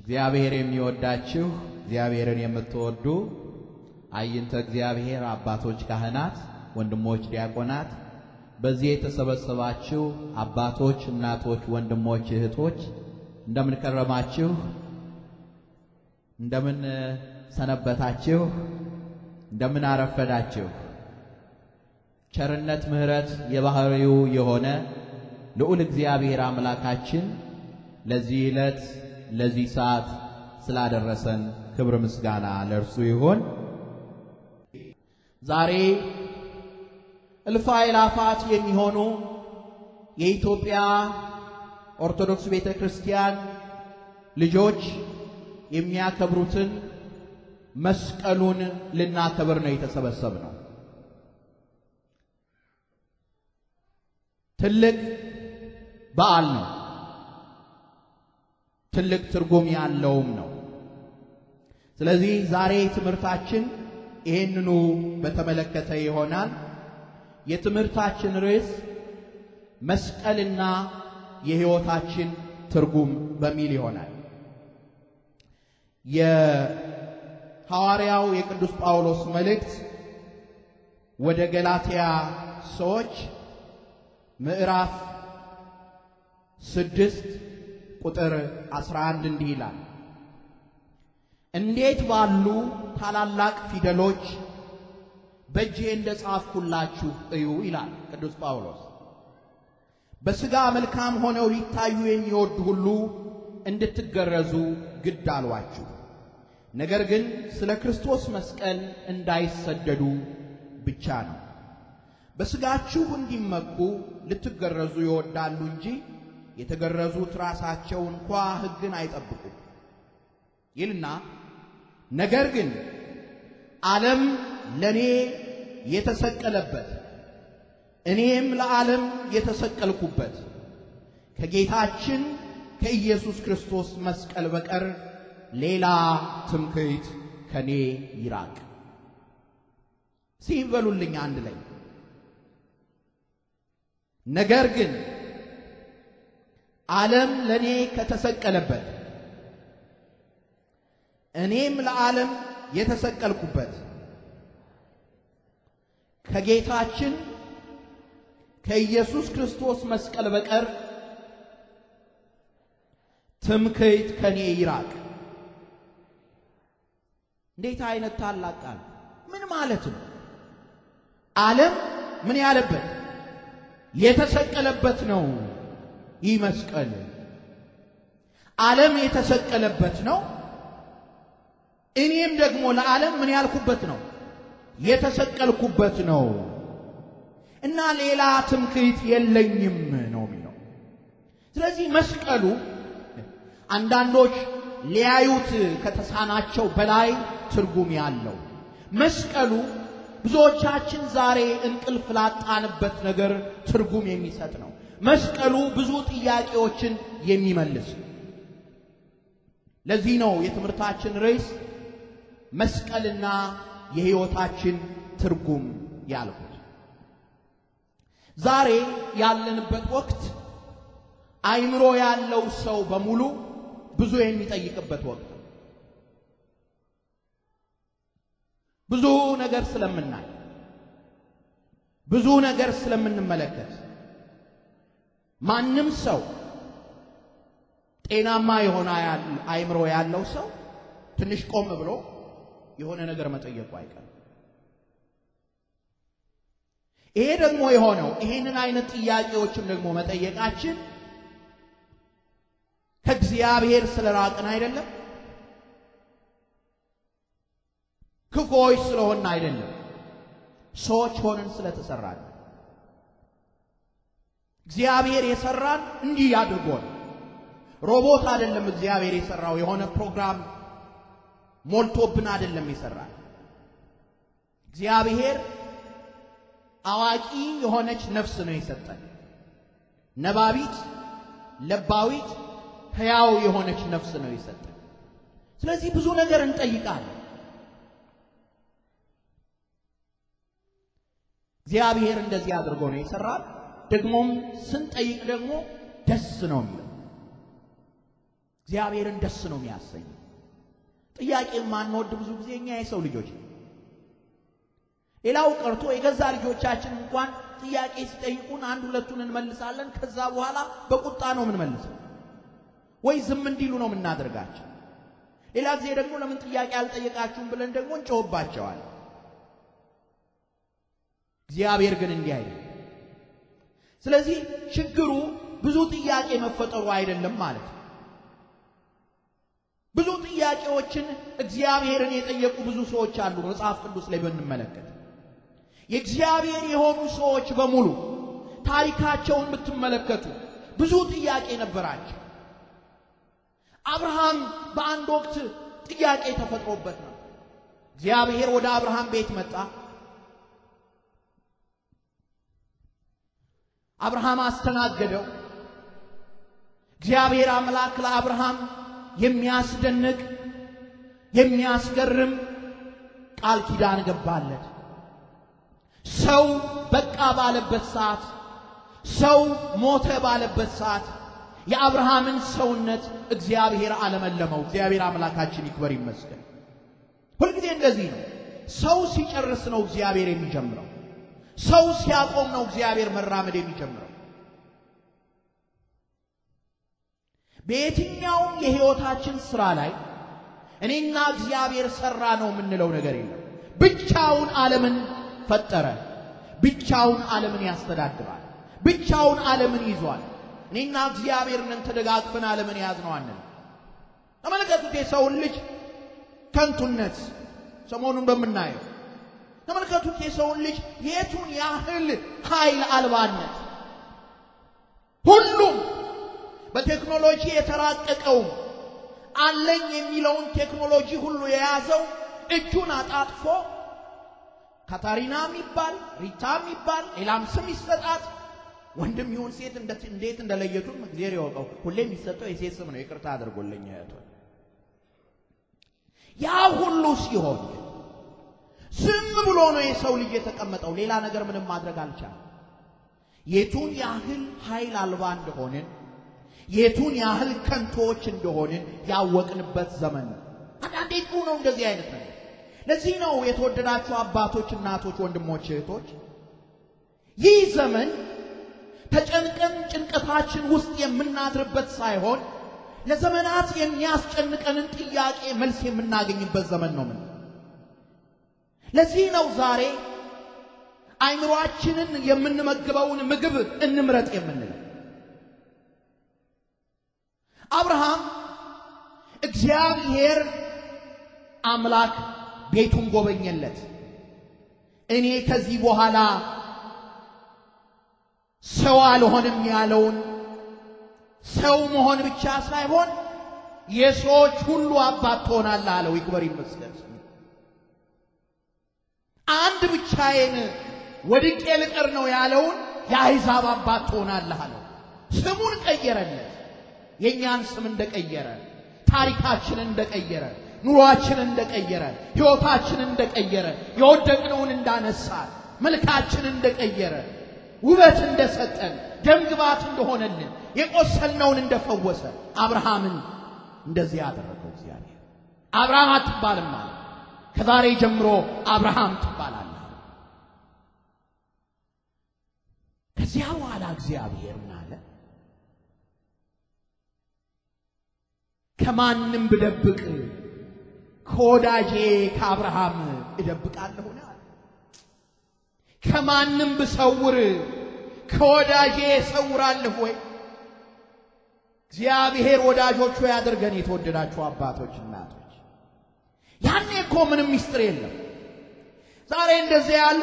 እግዚአብሔር የሚወዳችሁ እግዚአብሔርን የምትወዱ አይንተ እግዚአብሔር አባቶች ካህናት፣ ወንድሞች ዲያቆናት፣ በዚህ የተሰበሰባችሁ አባቶች፣ እናቶች፣ ወንድሞች፣ እህቶች እንደምን ከረማችሁ? እንደምን ሰነበታችሁ? እንደምን አረፈዳችሁ? ቸርነት ምሕረት የባህሪው የሆነ ልዑል እግዚአብሔር አምላካችን ለዚህ ዕለት ለዚህ ሰዓት ስላደረሰን ክብር ምስጋና ለእርሱ ይሁን። ዛሬ እልፍ አእላፋት የሚሆኑ የኢትዮጵያ ኦርቶዶክስ ቤተ ክርስቲያን ልጆች የሚያከብሩትን መስቀሉን ልናከብር ነው የተሰበሰብነው። ትልቅ በዓል ነው። ትልቅ ትርጉም ያለውም ነው። ስለዚህ ዛሬ ትምህርታችን ይህንኑ በተመለከተ ይሆናል። የትምህርታችን ርዕስ መስቀልና የሕይወታችን ትርጉም በሚል ይሆናል። የሐዋርያው የቅዱስ ጳውሎስ መልእክት ወደ ገላትያ ሰዎች ምዕራፍ ስድስት ቁጥር 11 እንዲህ ይላል፣ እንዴት ባሉ ታላላቅ ፊደሎች በእጄ እንደ ጻፍኩላችሁ እዩ ይላል ቅዱስ ጳውሎስ። በሥጋ መልካም ሆነው ሊታዩ የሚወዱ ሁሉ እንድትገረዙ ግድ አሏችሁ። ነገር ግን ስለ ክርስቶስ መስቀል እንዳይሰደዱ ብቻ ነው። በሥጋችሁ እንዲመኩ ልትገረዙ ይወዳሉ እንጂ የተገረዙት ራሳቸው እንኳ ሕግን አይጠብቁም ይልና ነገር ግን ዓለም ለእኔ የተሰቀለበት እኔም ለዓለም የተሰቀልኩበት ከጌታችን ከኢየሱስ ክርስቶስ መስቀል በቀር ሌላ ትምክህት ከኔ ይራቅ። ሲበሉልኝ አንድ ላይ ነገር ግን ዓለም ለእኔ ከተሰቀለበት እኔም ለዓለም የተሰቀልኩበት ከጌታችን ከኢየሱስ ክርስቶስ መስቀል በቀር ትምክህት ከኔ ይራቅ። እንዴት አይነት ታላቅ ቃል! ምን ማለት ነው? ዓለም ምን ያለበት የተሰቀለበት ነው። ይህ መስቀል ዓለም የተሰቀለበት ነው። እኔም ደግሞ ለዓለም ምን ያልኩበት ነው የተሰቀልኩበት ነው እና ሌላ ትምክህት የለኝም ነው የሚለው። ስለዚህ መስቀሉ አንዳንዶች ሊያዩት ከተሳናቸው በላይ ትርጉም ያለው መስቀሉ ብዙዎቻችን ዛሬ እንቅልፍ ላጣንበት ነገር ትርጉም የሚሰጥ ነው። መስቀሉ ብዙ ጥያቄዎችን የሚመልስ ለዚህ ነው የትምህርታችን ርዕስ መስቀልና የሕይወታችን ትርጉም ያልኩት። ዛሬ ያለንበት ወቅት አይምሮ ያለው ሰው በሙሉ ብዙ የሚጠይቅበት ወቅት ነው። ብዙ ነገር ስለምናይ፣ ብዙ ነገር ስለምንመለከት ማንም ሰው ጤናማ የሆነ አእምሮ ያለው ሰው ትንሽ ቆም ብሎ የሆነ ነገር መጠየቁ አይቀርም። ይሄ ደግሞ የሆነው ይሄንን አይነት ጥያቄዎችም ደግሞ መጠየቃችን ከእግዚአብሔር ራቅን አይደለም፣ ክፉዎች ስለሆን አይደለም፣ ሰዎች ሆነን ስለተሰራን እግዚአብሔር የሰራን እንዲህ አድርጎን ሮቦት አይደለም። እግዚአብሔር የሰራው የሆነ ፕሮግራም ሞልቶብን አይደለም የሰራን። እግዚአብሔር አዋቂ የሆነች ነፍስ ነው የሰጠን። ነባቢት፣ ለባዊት፣ ሕያው የሆነች ነፍስ ነው የሰጠን። ስለዚህ ብዙ ነገር እንጠይቃለን። እግዚአብሔር እንደዚህ አድርጎ ነው የሰራን። ደግሞም ስንጠይቅ ደግሞ ደስ ነው የሚለው እግዚአብሔርን ደስ ነው የሚያሰኘው። ጥያቄ ማንወድ ብዙ ጊዜ እኛ የሰው ልጆች ነው። ሌላው ቀርቶ የገዛ ልጆቻችን እንኳን ጥያቄ ሲጠይቁን አንድ ሁለቱን እንመልሳለን። ከዛ በኋላ በቁጣ ነው የምንመልሰው ወይ ዝም እንዲሉ ነው የምናደርጋቸው። ሌላ ጊዜ ደግሞ ለምን ጥያቄ አልጠየቃችሁም ብለን ደግሞ እንጮህባቸዋለን። እግዚአብሔር ግን እንዲህ አይደለም። ስለዚህ ችግሩ ብዙ ጥያቄ መፈጠሩ አይደለም ማለት ነው። ብዙ ጥያቄዎችን እግዚአብሔርን የጠየቁ ብዙ ሰዎች አሉ። መጽሐፍ ቅዱስ ላይ ብንመለከት የእግዚአብሔር የሆኑ ሰዎች በሙሉ ታሪካቸውን ብትመለከቱ ብዙ ጥያቄ ነበራቸው። አብርሃም በአንድ ወቅት ጥያቄ ተፈጥሮበት ነው። እግዚአብሔር ወደ አብርሃም ቤት መጣ። አብርሃም አስተናገደው። እግዚአብሔር አምላክ ለአብርሃም የሚያስደንቅ የሚያስገርም ቃል ኪዳን ገባለት። ሰው በቃ ባለበት ሰዓት፣ ሰው ሞተ ባለበት ሰዓት የአብርሃምን ሰውነት እግዚአብሔር አለመለመው። እግዚአብሔር አምላካችን ይክበር ይመስገን። ሁልጊዜ እንደዚህ ነው። ሰው ሲጨርስ ነው እግዚአብሔር የሚጀምረው። ሰው ሲያቆም ነው እግዚአብሔር መራመድ የሚጀምረው። በየትኛውም የሕይወታችን ሥራ ላይ እኔና እግዚአብሔር ሠራ ነው የምንለው ነገር የለም። ብቻውን ዓለምን ፈጠረ። ብቻውን ዓለምን ያስተዳድራል። ብቻውን ዓለምን ይዟል። እኔና እግዚአብሔር ነን ተደጋግፈን ዓለምን የያዝነው አንል። ተመለከቱት የሰውን ልጅ ከንቱነት ሰሞኑን በምናየው ተመልከቱት የሰውን ልጅ የቱን ያህል ኃይል አልባነት ሁሉም በቴክኖሎጂ የተራቀቀውም አለኝ የሚለውን ቴክኖሎጂ ሁሉ የያዘው እጁን አጣጥፎ ካታሪና የሚባል ሪታ የሚባል ሌላም ስም ይሰጣት ወንድም ይሁን ሴት እንዴት እንደለየቱም እግዜር ይወቀው። ሁሌ የሚሰጠው የሴት ስም ነው። ይቅርታ አድርጎልኝ እህቶች። ያ ሁሉ ሲሆን ዝም ብሎ ነው የሰው ልጅ የተቀመጠው። ሌላ ነገር ምንም ማድረግ አልቻለም። የቱን ያህል ኃይል አልባ እንደሆንን የቱን ያህል ከንቶዎች እንደሆንን ያወቅንበት ዘመን ነው። አንዳንዴ ጥሩ ነው እንደዚህ አይነት ነገር። ለዚህ ነው የተወደዳችሁ አባቶች፣ እናቶች፣ ወንድሞች፣ እህቶች ይህ ዘመን ተጨንቀን ጭንቀታችን ውስጥ የምናድርበት ሳይሆን ለዘመናት የሚያስጨንቀንን ጥያቄ መልስ የምናገኝበት ዘመን ነው ምን ለዚህ ነው ዛሬ አይምሯችንን የምንመግበውን ምግብ እንምረጥ የምንለው። አብርሃም እግዚአብሔር አምላክ ቤቱን ጎበኘለት። እኔ ከዚህ በኋላ ሰው አልሆንም ያለውን ሰው መሆን ብቻ ሳይሆን የሰዎች ሁሉ አባት ትሆናለህ አለው። ይክበር ይመስገን። አንድ ብቻዬን ወድቄ ልቀር ነው ያለውን የአሕዛብ አባት ትሆናለህ አለው። ስሙን ቀየረለት። የእኛን ስም እንደቀየረ፣ ታሪካችንን እንደቀየረ፣ ኑሯችንን እንደቀየረ፣ ሕይወታችንን እንደቀየረ፣ የወደቅነውን እንዳነሳን፣ መልካችንን እንደቀየረ፣ ውበት እንደሰጠን፣ ደምግባት እንደሆነልን፣ የቆሰልነውን እንደፈወሰ አብርሃምን እንደዚህ አደረገው እግዚአብሔር። አብርሃም አትባልም አለ። ከዛሬ ጀምሮ አብርሃም ከዚያ በኋላ እግዚአብሔር አለ ከማንም ብደብቅ ከወዳጄ ከአብርሃም እደብቃለሁና ከማንም ብሰውር ከወዳጄ እሰውራለሁ ወይ? እግዚአብሔር ወዳጆቹ ያደርገን። የተወደዳችሁ አባቶች፣ እናቶች፣ ያኔ እኮ ምንም ሚስጥር የለም። ዛሬ እንደዚያ ያሉ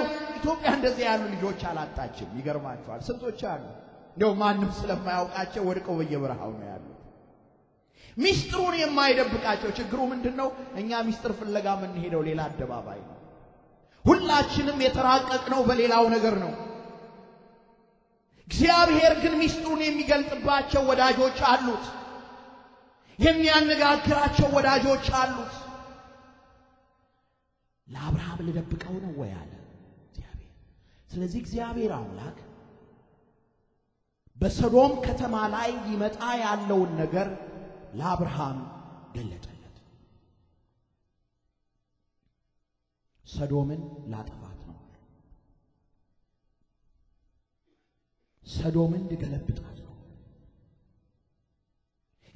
ኢትዮጵያ እንደዚህ ያሉ ልጆች አላጣችም። ይገርማቸዋል። ስንቶች አሉ እንዲያው ማንም ስለማያውቃቸው ወድቀው በየበረሃው ነው ያሉት። ሚስጥሩን የማይደብቃቸው ችግሩ ምንድን ነው? እኛ ሚስጥር ፍለጋ የምንሄደው ሌላ አደባባይ ነው። ሁላችንም የተራቀቅነው በሌላው ነገር ነው። እግዚአብሔር ግን ሚስጥሩን የሚገልጥባቸው ወዳጆች አሉት። የሚያነጋግራቸው ወዳጆች አሉት። ለአብርሃም ልደብቀው ነው ወይ አለ ስለዚህ እግዚአብሔር አምላክ በሰዶም ከተማ ላይ ይመጣ ያለውን ነገር ለአብርሃም ገለጠለት። ሰዶምን ላጠፋት ነው፣ ሰዶምን ልገለብጣት ነው።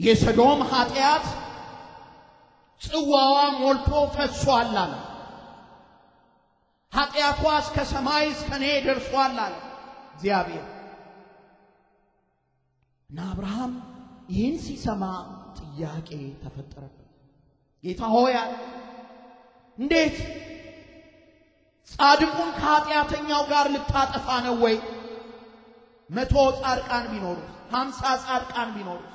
የሰዶም ኃጢአት ጽዋዋ ሞልቶ ፈሷል አለ። ኃጢአቷ እስከ ሰማይ እስከ እኔ ደርሷል አለ እግዚአብሔር። እና አብርሃም ይህን ሲሰማ ጥያቄ ተፈጠረበት። ጌታ ሆይ እንዴት ጻድቁን ከኃጢአተኛው ጋር ልታጠፋ ነው ወይ? መቶ ጻድቃን ቢኖሩት ሀምሳ ጻድቃን ቢኖሩት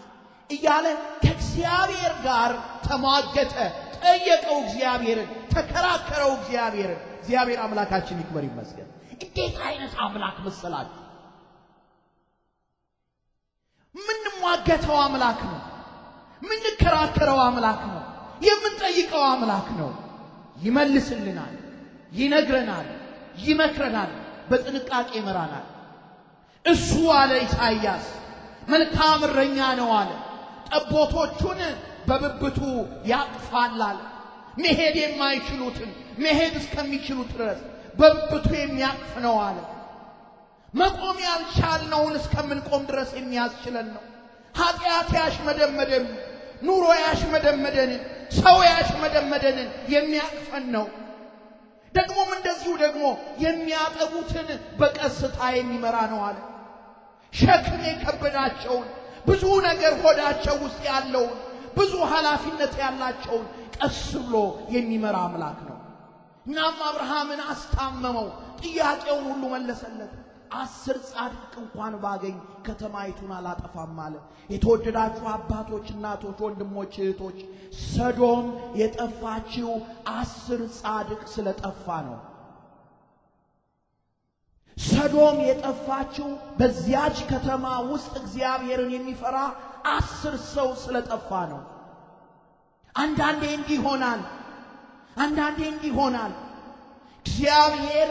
እያለ ከእግዚአብሔር ጋር ተሟገተ፣ ጠየቀው እግዚአብሔርን ተከራከረው እግዚአብሔርን እግዚአብሔር አምላካችን ይክበር ይመስገን። እንዴት አይነት አምላክ መሰላት! የምንሟገተው አምላክ ነው። የምንከራከረው አምላክ ነው። የምንጠይቀው አምላክ ነው። ይመልስልናል፣ ይነግረናል፣ ይመክረናል፣ በጥንቃቄ ይመራናል። እሱ አለ ኢሳይያስ መልካም እረኛ ነው አለ። ጠቦቶቹን በብብቱ ያቅፋል አለ። መሄድ የማይችሉትን መሄድ እስከሚችሉት ድረስ በብቱ የሚያቅፍ ነው አለ። መቆም ያልቻልነውን እስከምንቆም ድረስ የሚያስችለን ነው። ኃጢአት ያሽመደመደን፣ ኑሮ ያሽመደመደንን፣ ሰው ያሽመደመደንን የሚያቅፈን ነው። ደግሞም እንደዚሁ ደግሞ የሚያጠቡትን በቀስታ የሚመራ ነው አለ። ሸክም የከበዳቸውን ብዙ ነገር ሆዳቸው ውስጥ ያለውን ብዙ ኃላፊነት ያላቸውን ቀስ ብሎ የሚመራ አምላክ ነው። እናም አብርሃምን አስታመመው፣ ጥያቄውን ሁሉ መለሰለት። አስር ጻድቅ እንኳን ባገኝ ከተማይቱን አላጠፋም አለ። የተወደዳችሁ አባቶች፣ እናቶች፣ ወንድሞች፣ እህቶች ሰዶም የጠፋችው አስር ጻድቅ ስለጠፋ ነው። ሰዶም የጠፋችው በዚያች ከተማ ውስጥ እግዚአብሔርን የሚፈራ አስር ሰው ስለጠፋ ነው። አንዳንዴ ይሆናል። አንዳንዴ ይሆናል። እግዚአብሔር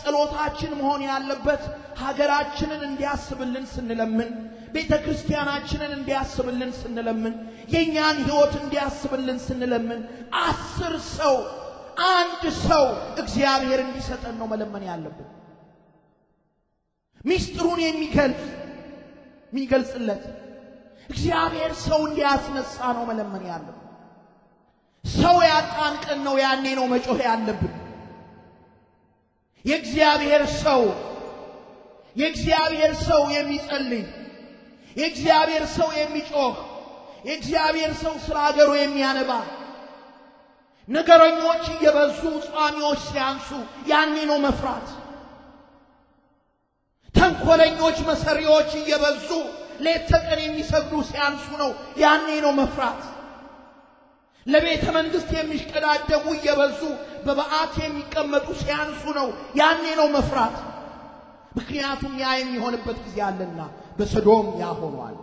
ጸሎታችን መሆን ያለበት ሀገራችንን እንዲያስብልን ስንለምን፣ ቤተ ክርስቲያናችንን እንዲያስብልን ስንለምን፣ የእኛን ሕይወት እንዲያስብልን ስንለምን፣ አስር ሰው አንድ ሰው እግዚአብሔር እንዲሰጠን ነው መለመን ያለብን። ሚስጥሩን የሚገልጽ የሚገልጽለት እግዚአብሔር ሰው እንዲያስነሳ ነው መለመን ያለብን። ሰው ያጣን ቀን ነው። ያኔ ነው መጮህ ያለብን። የእግዚአብሔር ሰው የእግዚአብሔር ሰው የሚጸልይ የእግዚአብሔር ሰው የሚጮህ የእግዚአብሔር ሰው ስለ አገሩ የሚያነባ ነገረኞች እየበዙ ጻሚዎች ሲያንሱ ያኔ ነው መፍራት። ተንኮለኞች መሰሪዎች እየበዙ ሌት ተቀን የሚሰግዱ ሲያንሱ ነው ያኔ ነው መፍራት። ለቤተ መንግስት የሚሽቀዳደሙ እየበዙ በበዓት የሚቀመጡ ሲያንሱ ነው። ያኔ ነው መፍራት። ምክንያቱም ያ የሚሆንበት ጊዜ አለና በሰዶም ያ ሆኗል።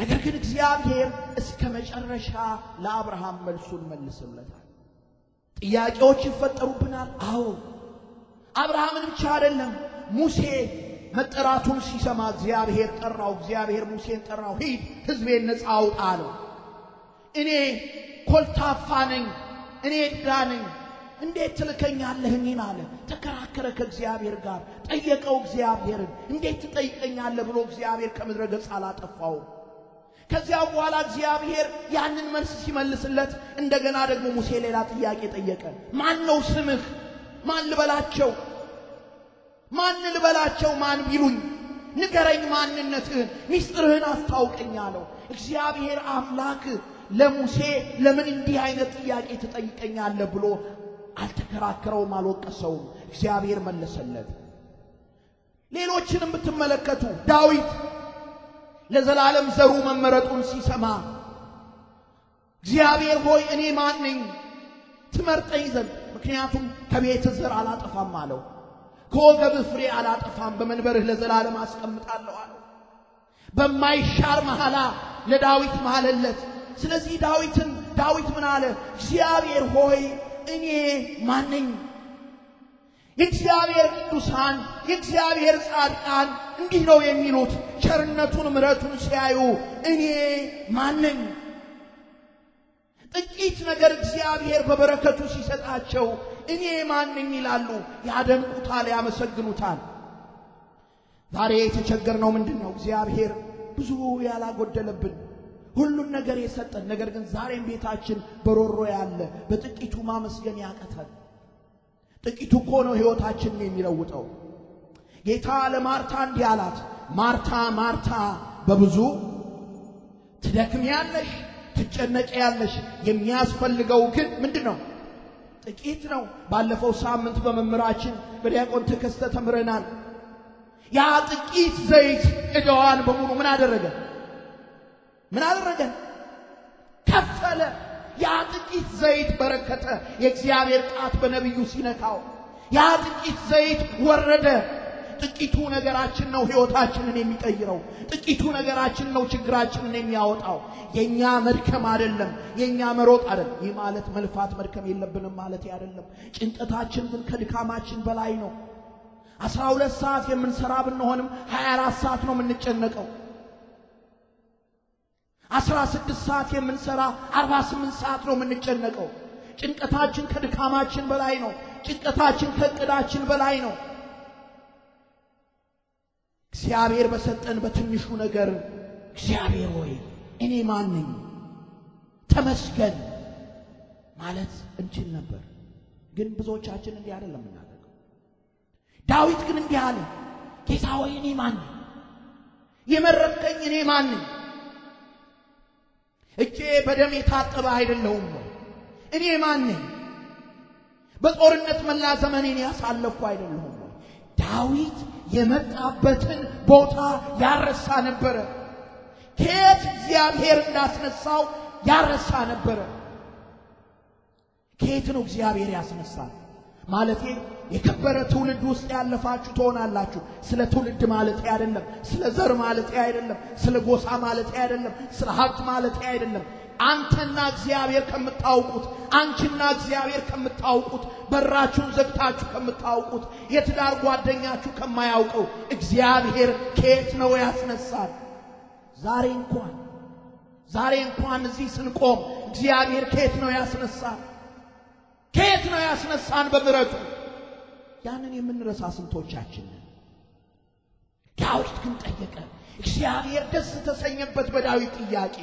ነገር ግን እግዚአብሔር እስከ መጨረሻ ለአብርሃም መልሱን መልስለታል። ጥያቄዎች ይፈጠሩብናል። አዎ አብርሃምን ብቻ አይደለም ሙሴ መጠራቱን ሲሰማ እግዚአብሔር ጠራው። እግዚአብሔር ሙሴን ጠራው። ሂድ ሕዝቤን ነፃ አውጣ አለው። እኔ ኮልታፋ ነኝ፣ እኔ ድዳ ነኝ፣ እንዴት ትልከኛለህ? እኔን አለ። ተከራከረ ከእግዚአብሔር ጋር፣ ጠየቀው እግዚአብሔርን። እንዴት ትጠይቀኛለህ ብሎ እግዚአብሔር ከምድረ ገጽ አላጠፋው። ከዚያ በኋላ እግዚአብሔር ያንን መልስ ሲመልስለት እንደገና ደግሞ ሙሴ ሌላ ጥያቄ ጠየቀ። ማን ነው ስምህ? ማን ልበላቸው? ማን ልበላቸው ማን ቢሉኝ ንገረኝ ማንነትህን ሚስጥርህን አስታውቀኝ አለው። እግዚአብሔር አምላክ ለሙሴ ለምን እንዲህ አይነት ጥያቄ ትጠይቀኛለህ ብሎ አልተከራከረውም፣ አልወቀሰውም። እግዚአብሔር መለሰለት። ሌሎችንም ብትመለከቱ ዳዊት ለዘላለም ዘሩ መመረጡን ሲሰማ እግዚአብሔር ሆይ እኔ ማን ነኝ ትመርጠኝ ዘንድ፣ ምክንያቱም ከቤት ዘር አላጠፋም አለው። ከወገብ ፍሬ አላጠፋም፣ በመንበርህ ለዘላለም አስቀምጣለሁ አለ። በማይሻር መሐላ ለዳዊት ማለለት። ስለዚህ ዳዊትን ዳዊት ምን አለ? እግዚአብሔር ሆይ እኔ ማነኝ? የእግዚአብሔር ቅዱሳን የእግዚአብሔር ጻድቃን እንዲህ ነው የሚሉት ቸርነቱን ምረቱን ሲያዩ እኔ ማነኝ? ጥቂት ነገር እግዚአብሔር በበረከቱ ሲሰጣቸው እኔ ማን ነኝ ይላሉ። ያደንቁታል፣ ያመሰግኑታል። ዛሬ የተቸገርነው ምንድን ነው? እግዚአብሔር ብዙ ያላጎደለብን ሁሉን ነገር የሰጠን፣ ነገር ግን ዛሬም ቤታችን በሮሮ ያለ በጥቂቱ ማመስገን ያቀተን። ጥቂቱ እኮ ነው ሕይወታችንን የሚለውጠው። ጌታ ለማርታ እንዲህ አላት፣ ማርታ ማርታ በብዙ ትደክም ያለሽ ያለሽ የሚያስፈልገው ግን ምንድን ነው? ጥቂት ነው። ባለፈው ሳምንት በመምህራችን በዲያቆን ተከስተ ተምረናል። ያ ጥቂት ዘይት ዕዳዋን በሙሉ ምን አደረገ? ምን አደረገ? ከፈለ። ያ ጥቂት ዘይት በረከተ። የእግዚአብሔር ጣት በነቢዩ ሲነካው ያ ጥቂት ዘይት ወረደ። ጥቂቱ ነገራችን ነው ህይወታችንን የሚቀይረው። ጥቂቱ ነገራችን ነው ችግራችንን የሚያወጣው። የኛ መድከም አይደለም፣ የኛ መሮጥ አይደለም። ይህ ማለት መልፋት መድከም የለብንም ማለት አይደለም። ጭንቀታችን ግን ከድካማችን በላይ ነው። አስራ ሁለት ሰዓት የምንሰራ ብንሆንም ሀያ አራት ሰዓት ነው የምንጨነቀው። አስራ ስድስት ሰዓት የምንሰራ አርባ ስምንት ሰዓት ነው የምንጨነቀው። ጭንቀታችን ከድካማችን በላይ ነው። ጭንቀታችን ከእቅዳችን በላይ ነው። እግዚአብሔር በሰጠን በትንሹ ነገር እግዚአብሔር ሆይ እኔ ማን ነኝ ተመስገን ማለት እንችል ነበር። ግን ብዙዎቻችን እንዲህ አይደለም እናደርገው። ዳዊት ግን እንዲህ አለ፣ ጌታ ሆይ እኔ ማን ነኝ? የመረጥከኝ እኔ ማን ነኝ? እጄ በደም የታጠበ አይደለሁም እኔ ማን ነኝ? በጦርነት መላ ዘመኔን ያሳለፍኩ አይደለሁም ዳዊት የመጣበትን ቦታ ያረሳ ነበረ። ከየት እግዚአብሔር እንዳስነሳው ያረሳ ነበረ። ከየት ነው እግዚአብሔር ያስነሳል? ማለቴ የከበረ ትውልድ ውስጥ ያለፋችሁ ትሆናላችሁ። ስለ ትውልድ ማለት አይደለም፣ ስለ ዘር ማለት አይደለም፣ ስለ ጎሳ ማለት አይደለም፣ ስለ ሀብት ማለት አይደለም። አንተና እግዚአብሔር ከምታውቁት አንቺና እግዚአብሔር ከምታውቁት በራችሁን ዘግታችሁ ከምታውቁት የትዳር ጓደኛችሁ ከማያውቀው እግዚአብሔር ከየት ነው ያስነሳል? ዛሬ እንኳን ዛሬ እንኳን እዚህ ስንቆም እግዚአብሔር ከየት ነው ያስነሳል? ከየት ነው ያስነሳን? በምረቱ ያንን የምንረሳ ስንቶቻችን ዳዊት ግን ጠየቀ። እግዚአብሔር ደስ ተሰኘበት በዳዊት ጥያቄ።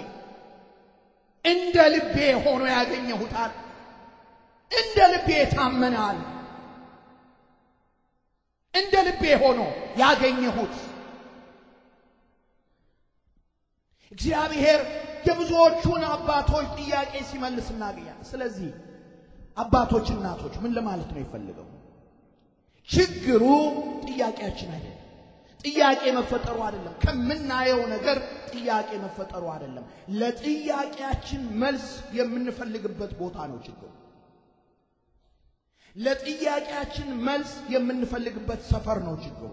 እንደ ልቤ ሆኖ ያገኘሁታል። እንደ ልቤ ታመናል። እንደ ልቤ ሆኖ ያገኘሁት እግዚአብሔር የብዙዎቹን አባቶች ጥያቄ ሲመልስ እናገኛለን። ስለዚህ አባቶች፣ እናቶች ምን ለማለት ነው የፈለገው? ችግሩ ጥያቄያችን አይደለም። ጥያቄ መፈጠሩ አይደለም። ከምናየው ነገር ጥያቄ መፈጠሩ አይደለም። ለጥያቄያችን መልስ የምንፈልግበት ቦታ ነው ችግሩ። ለጥያቄያችን መልስ የምንፈልግበት ሰፈር ነው ችግሩ።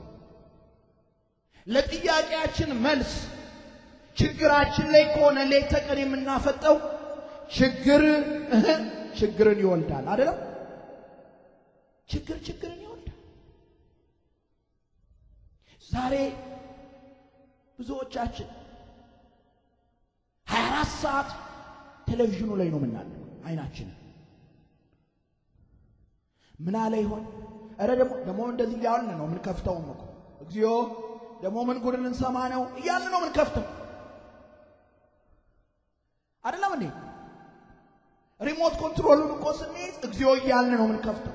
ለጥያቄያችን መልስ ችግራችን ላይ ከሆነ ሌት ተቀን የምናፈጠው ችግር ችግርን ይወልዳል አይደለም። ችግር ችግርን ይወልዳል። ዛሬ ብዙዎቻችን ሀያ አራት ሰዓት ቴሌቪዥኑ ላይ ነው የምናለው አይናችን ምን አለ ይሆን? እረ ደግሞ ደግሞ እንደዚህ እያልን ነው የምንከፍተውም እኮ እግዚኦ ደግሞ ምን ጉድን እንሰማ ነው እያልን ነው ከፍተው አይደለም እንዴ? ሪሞት ኮንትሮሉን እኮ ስንይዝ እግዚኦ እያልን ነው ከፍተው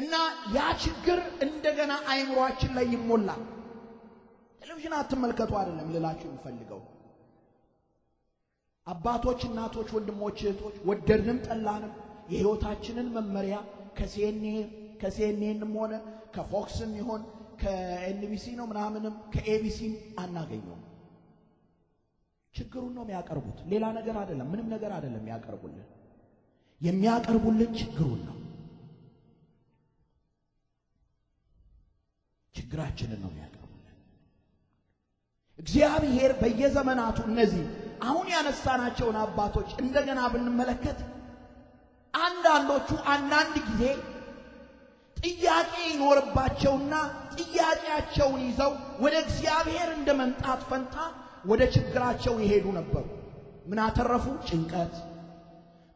እና ያ ችግር እንደገና አይምሯችን ላይ ይሞላል። ቴሌቪዥን አትመልከቱ አይደለም ልላችሁ የምፈልገው። አባቶች፣ እናቶች፣ ወንድሞች፣ እህቶች ወደድንም ጠላንም የህይወታችንን መመሪያ ከሲኤንኤን ከሲኤንኤንም ሆነ ከፎክስም ይሆን ከኤንቢሲ ነው ምናምንም ከኤቢሲም አናገኘውም። ችግሩን ነው የሚያቀርቡት፣ ሌላ ነገር አይደለም፣ ምንም ነገር አይደለም የሚያቀርቡልን የሚያቀርቡልን ችግሩን ነው። ችግራችንን ነው የሚያቀርቡልን። እግዚአብሔር በየዘመናቱ እነዚህ አሁን ያነሳናቸውን አባቶች እንደገና ብንመለከት አንዳንዶቹ አንዳንድ ጊዜ ጥያቄ ይኖርባቸውና ጥያቄያቸውን ይዘው ወደ እግዚአብሔር እንደ መምጣት ፈንታ ወደ ችግራቸው ይሄዱ ነበሩ። ምን አተረፉ? ጭንቀት።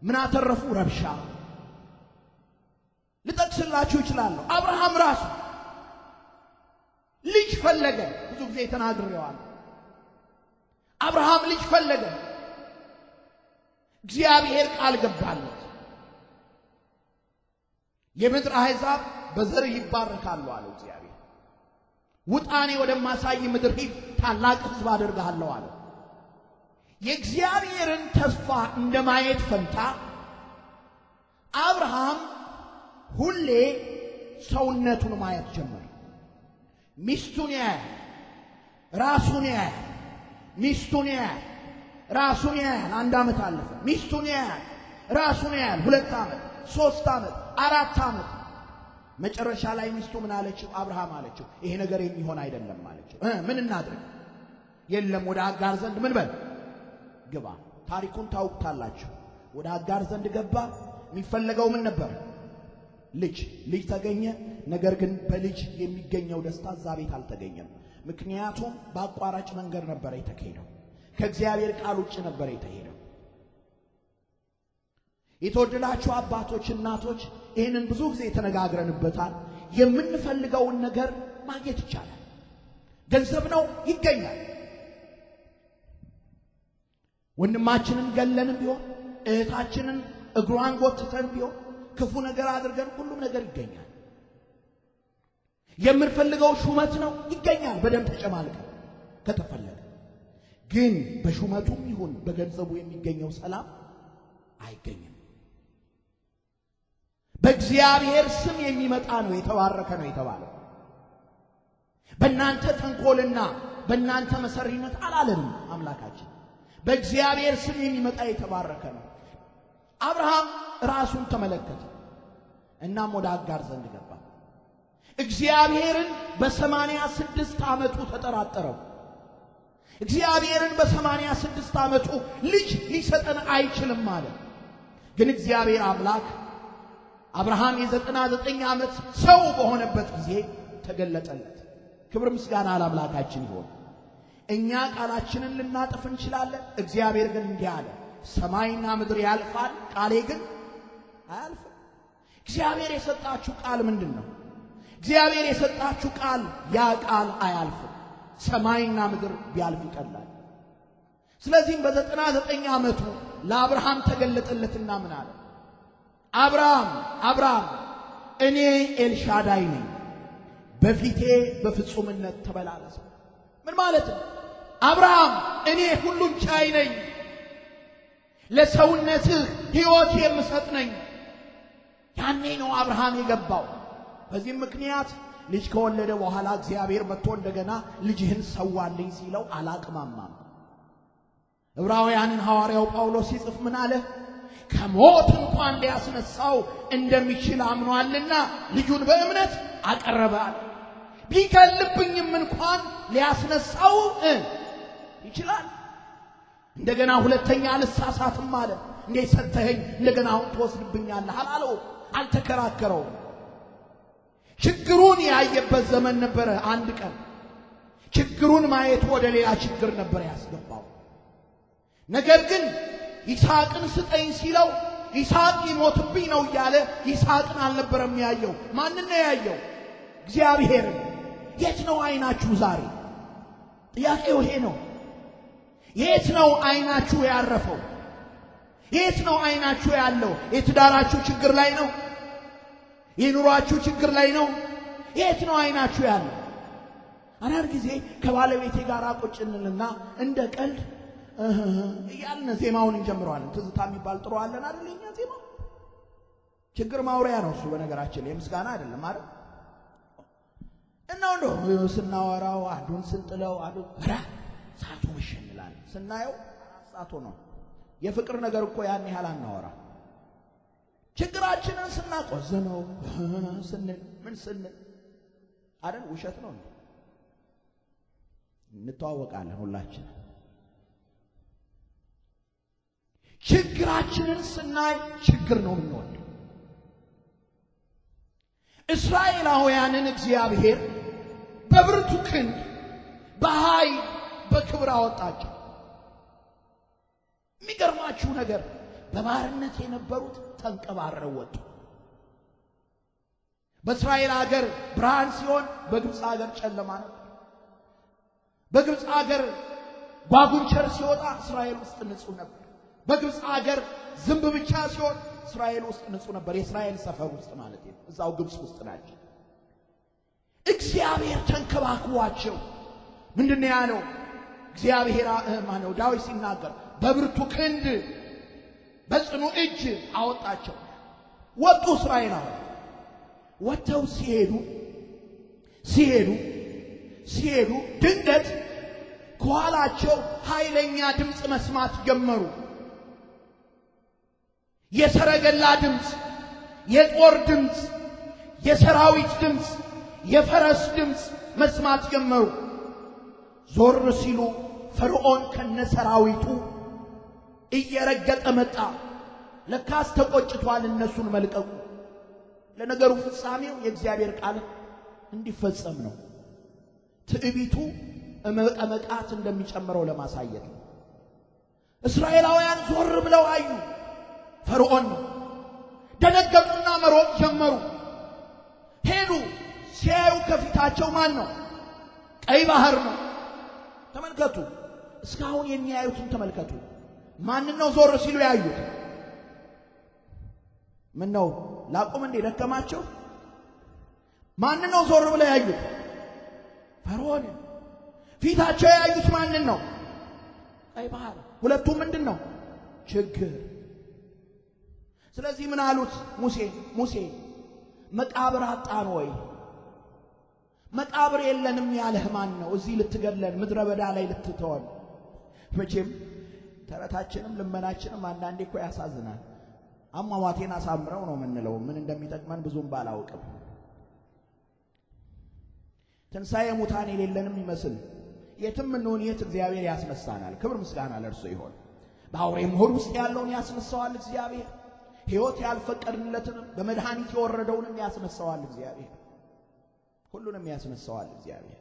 ምን አተረፉ? ረብሻ። ልጠቅስላችሁ ይችላለሁ። አብርሃም ራሱ ልጅ ፈለገ። ብዙ ጊዜ ተናግሬዋል። አብርሃም ልጅ ፈለገ። እግዚአብሔር ቃል ገባለት። የምድር አሕዛብ በዘርህ ይባረካሉ አለው እግዚአብሔር። ውጣኔ ወደማሳይ ምድር ሂድ፣ ታላቅ ሕዝብ አደርግሃለሁ አለ። የእግዚአብሔርን ተስፋ እንደ ማየት ፈንታ አብርሃም ሁሌ ሰውነቱን ማየት ጀመረ። ሚስቱን ያያል፣ ራሱን ያያል። ሚስቱን ያያል፣ ራሱን ያያል። አንድ ዓመት አለፈ። ሚስቱን ያያል፣ ራሱን ያያል። ሁለት ዓመት፣ ሶስት ዓመት፣ አራት ዓመት መጨረሻ ላይ ሚስቱ ምን አለችው? አብርሃም አለችው፣ ይሄ ነገር የሚሆን አይደለም አለችው። ምን እናድርግ? የለም ወደ አጋር ዘንድ ምን በል ግባ። ታሪኩን ታውቁታላችሁ። ወደ አጋር ዘንድ ገባ። የሚፈለገው ምን ነበር? ልጅ። ልጅ ተገኘ። ነገር ግን በልጅ የሚገኘው ደስታ እዛ ቤት አልተገኘም። ምክንያቱም በአቋራጭ መንገድ ነበረ የተካሄደው። ከእግዚአብሔር ቃል ውጭ ነበረ የተሄደው። የተወደዳችሁ አባቶች፣ እናቶች ይህንን ብዙ ጊዜ ተነጋግረንበታል። የምንፈልገውን ነገር ማግኘት ይቻላል። ገንዘብ ነው ይገኛል። ወንድማችንን ገለንም ቢሆን እህታችንን እግሯን ጎትተን ቢሆን ክፉ ነገር አድርገን ሁሉም ነገር ይገኛል። የምንፈልገው ሹመት ነው፣ ይገኛል በደንብ ተጨማልቀ ከተፈለገ። ግን በሹመቱም ይሁን በገንዘቡ የሚገኘው ሰላም አይገኝም። በእግዚአብሔር ስም የሚመጣ ነው የተባረከ ነው የተባለው። በእናንተ ተንኮልና በእናንተ መሰሪነት አላለንም አምላካችን። በእግዚአብሔር ስም የሚመጣ የተባረከ ነው። አብርሃም ራሱን ተመለከተ። እናም ወደ አጋር ዘንድ ገባ። እግዚአብሔርን በሰማንያ ስድስት ዓመቱ ተጠራጠረው። እግዚአብሔርን በሰማንያ ስድስት ዓመቱ ልጅ ሊሰጠን አይችልም አለ። ግን እግዚአብሔር አምላክ አብርሃም የዘጠና ዘጠኝ ዓመት ሰው በሆነበት ጊዜ ተገለጠለት። ክብር ምስጋና ለአምላካችን ይሆን። እኛ ቃላችንን ልናጥፍ እንችላለን። እግዚአብሔር ግን እንዲህ አለ፣ ሰማይና ምድር ያልፋል፣ ቃሌ ግን አያልፍም። እግዚአብሔር የሰጣችሁ ቃል ምንድን ነው? እግዚአብሔር የሰጣችሁ ቃል ያ ቃል አያልፍም፣ ሰማይና ምድር ቢያልፍ ይቀላል። ስለዚህም በዘጠና ዘጠኝ ዓመቱ ለአብርሃም ተገለጠለትና ምን አለ? አብርሃም አብርሃም እኔ ኤልሻዳይ ነኝ፣ በፊቴ በፍጹምነት ተመላለስ። ምን ማለት ነው? አብርሃም እኔ ሁሉን ቻይ ነኝ፣ ለሰውነትህ ሕይወት የምሰጥ ነኝ። ያኔ ነው አብርሃም የገባው በዚህ ምክንያት ልጅ ከወለደ በኋላ እግዚአብሔር መጥቶ እንደገና ልጅህን ሰዋልኝ ሲለው አላቅማማም። ዕብራውያንን ሐዋርያው ጳውሎስ ሲጽፍ ምን አለ? ከሞት እንኳን ሊያስነሳው እንደሚችል አምኗልና ልጁን በእምነት አቀረባል። ቢገልብኝም እንኳን ሊያስነሳው ይችላል። እንደገና ሁለተኛ አልሳሳትም አለ። እንዴት ሰተኸኝ እንደገና አሁን ትወስድብኛለህ አላለው። አልተከራከረውም። ችግሩን ያየበት ዘመን ነበረ። አንድ ቀን ችግሩን ማየቱ ወደ ሌላ ችግር ነበር ያስገባው። ነገር ግን ይስሐቅን ስጠኝ ሲለው ይስሐቅ ይሞትብኝ ነው እያለ ይስሐቅን አልነበረም ያየው። ማንን ነው ያየው? እግዚአብሔርን። የት ነው አይናችሁ ዛሬ? ጥያቄው ይሄ ነው። የት ነው አይናችሁ ያረፈው? የት ነው አይናችሁ ያለው? የትዳራችሁ ችግር ላይ ነው? የኑሯችሁ ችግር ላይ ነው? የት ነው አይናችሁ ያለው? አንዳንድ ጊዜ ከባለቤቴ ጋር ቁጭንልና እንደ ቀልድ እያልን ዜማውን እንጀምረዋለን። ትዝታ የሚባል ጥሩ አለን አይደል? የኛ ዜማ ችግር ማውሪያ ነው እሱ። በነገራችን ላይ ምስጋና አይደለም አይደል? እና እንደው ስናወራው አንዱን ስንጥለው አንዱ ራ ሰዓቱ መሸንላል ስናየው ሳቱ ነው። የፍቅር ነገር እኮ ያን ያህል አናወራ ችግራችንን ስናቆዝነው ስንል ምን ስንል አይደል? ውሸት ነው እንዴ? እንተዋወቃለን ሁላችን። ችግራችንን ስናይ ችግር ነው የምንወደው። እስራኤላውያንን እግዚአብሔር በብርቱ ክንድ በኃይል በክብር አወጣቸው። የሚገርማችሁ ነገር በባርነት የነበሩት ተንቀባረው ወጡ። በእስራኤል አገር ብርሃን ሲሆን በግብፅ አገር ጨለማ ነው። በግብፅ አገር ጓጉንቸር ሲወጣ እስራኤል ውስጥ ንጹህ ነበር። በግብፅ አገር ዝንብ ብቻ ሲሆን እስራኤል ውስጥ ንጹህ ነበር። የእስራኤል ሰፈር ውስጥ ማለት ነው። እዛው ግብፅ ውስጥ ናቸው። እግዚአብሔር ተንከባክቧቸው ምንድን ነው ያለው? እግዚአብሔር ማነው? ዳዊት ሲናገር በብርቱ ክንድ በጽኑ እጅ አወጣቸው። ወጡ እስራኤላውያን። ወጥተው ሲሄዱ ሲሄዱ ሲሄዱ ድንገት ከኋላቸው ኃይለኛ ድምፅ መስማት ጀመሩ። የሰረገላ ድምፅ፣ የጦር ድምፅ፣ የሰራዊት ድምፅ፣ የፈረስ ድምፅ መስማት ጀመሩ። ዞር ሲሉ ፈርዖን ከነሰራዊቱ እየረገጠ መጣ። ለካስ ተቆጭቷል እነሱን መልቀቁ። ለነገሩ ፍጻሜው የእግዚአብሔር ቃል እንዲፈጸም ነው። ትዕቢቱ መቃት እንደሚጨምረው ለማሳየት ነው። እስራኤላውያን ዞር ብለው አዩ። ፈርዖን ነው። ደነገጡና መሮጥ ጀመሩ። ሄዱ። ሲያዩ ከፊታቸው ማን ነው? ቀይ ባህር ነው። ተመልከቱ። እስካሁን የሚያዩትን ተመልከቱ። ማንን ነው ዞር ሲሉ ያዩት? ምን ነው ላቁም እንዴ ደከማቸው? ማንን ነው ዞር ብለው ያዩት? ፈርዖን። ፊታቸው ያዩት ማንን ነው? ቀይ ባህር። ሁለቱም ምንድን ነው ችግር። ስለዚህ ምን አሉት ሙሴ ሙሴ መቃብር አጣን ወይ? መቃብር የለንም ያለህ ማን ነው? እዚህ ልትገለን ምድረ በዳ ላይ ልትተወን መቼም ተረታችንም ልመናችንም አንዳንዴ እኮ ያሳዝናል። አሟሟቴን አሳምረው ነው የምንለው። ምን እንደሚጠቅመን ብዙም ባላውቅም ትንሣኤ ሙታን የሌለንም ይመስል የትም እንሆን የት እግዚአብሔር ያስነሳናል። ክብር ምስጋና ለእርሱ ይሆን። በአውሬ ምሁር ውስጥ ያለውን ያስነሳዋል እግዚአብሔር። ሕይወት ያልፈቀድለትንም በመድኃኒት የወረደውንም ያስነሳዋል እግዚአብሔር። ሁሉንም ያስነሳዋል እግዚአብሔር።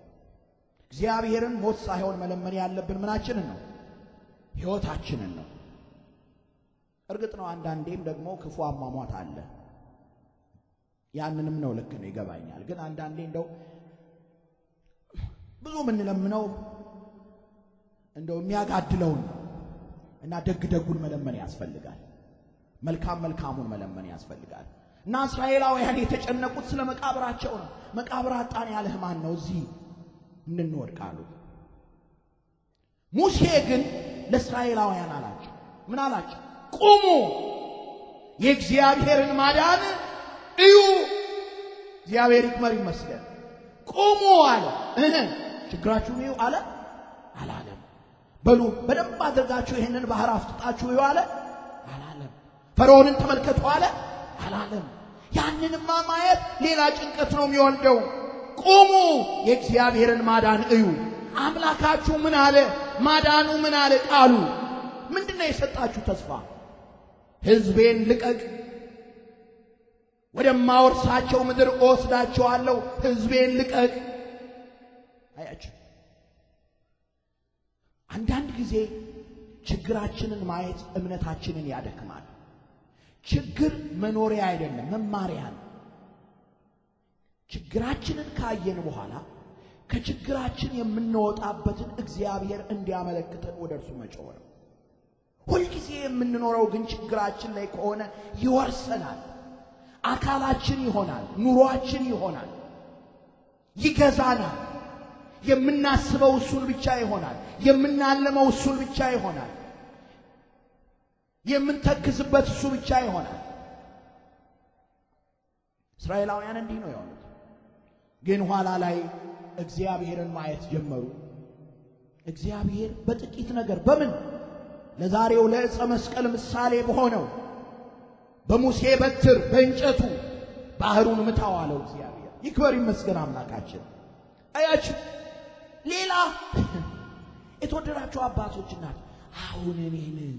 እግዚአብሔርን ሞት ሳይሆን መለመን ያለብን ምናችንን ነው ህይወታችንን ነው። እርግጥ ነው አንዳንዴም ደግሞ ክፉ አሟሟት አለ። ያንንም ነው ልክ ነው ይገባኛል። ግን አንዳንዴ እንደው ብዙ የምንለምነው እንደው የሚያጋድለውን ነው እና ደግ ደጉን መለመን ያስፈልጋል። መልካም መልካሙን መለመን ያስፈልጋል። እና እስራኤላውያን የተጨነቁት ስለ መቃብራቸው ነው። መቃብር አጣን ያለህ ማን ነው? እዚህ እንድንወድቅ ሙሴ ግን ለእስራኤላውያን አላቸው። ምን አላቸው? ቁሙ፣ የእግዚአብሔርን ማዳን እዩ። እግዚአብሔር ይክመር ይመስገን። ቁሙ አለ። ችግራችሁን እዩ አለ አላለም። በሉ በደንብ አድርጋችሁ ይህንን ባህር አፍጥጣችሁ እዩ አለ አላለም። ፈርዖንን ተመልከቱ አለ አላለም። ያንንማ ማየት ሌላ ጭንቀት ነው የሚወልደው። ቁሙ፣ የእግዚአብሔርን ማዳን እዩ። አምላካችሁ ምን አለ? ማዳኑ ምን አለ? ቃሉ ምንድነው የሰጣችሁ ተስፋ? ህዝቤን ልቀቅ፣ ወደማወርሳቸው ምድር እወስዳቸዋለሁ። ህዝቤን ልቀቅ። አያችሁ፣ አንዳንድ ጊዜ ችግራችንን ማየት እምነታችንን ያደክማል። ችግር መኖሪያ አይደለም፣ መማሪያ ነው። ችግራችንን ካየን በኋላ ከችግራችን የምንወጣበትን እግዚአብሔር እንዲያመለክተን ወደ እርሱ መጮህ ነው። ሁልጊዜ የምንኖረው ግን ችግራችን ላይ ከሆነ ይወርሰናል፣ አካላችን ይሆናል፣ ኑሯችን ይሆናል፣ ይገዛናል። የምናስበው እሱን ብቻ ይሆናል። የምናልመው እሱን ብቻ ይሆናል። የምንተክዝበት እሱ ብቻ ይሆናል። እስራኤላውያን እንዲህ ነው የሆኑት። ግን ኋላ ላይ እግዚአብሔርን ማየት ጀመሩ። እግዚአብሔር በጥቂት ነገር በምን ለዛሬው ለዕፀ መስቀል ምሳሌ በሆነው በሙሴ በትር በእንጨቱ ባህሩን ምታው አለው እግዚአብሔር። ይክበር ይመስገን አምላካችን። አያች ሌላ የተወደዳችሁ አባቶች አሁን እኔን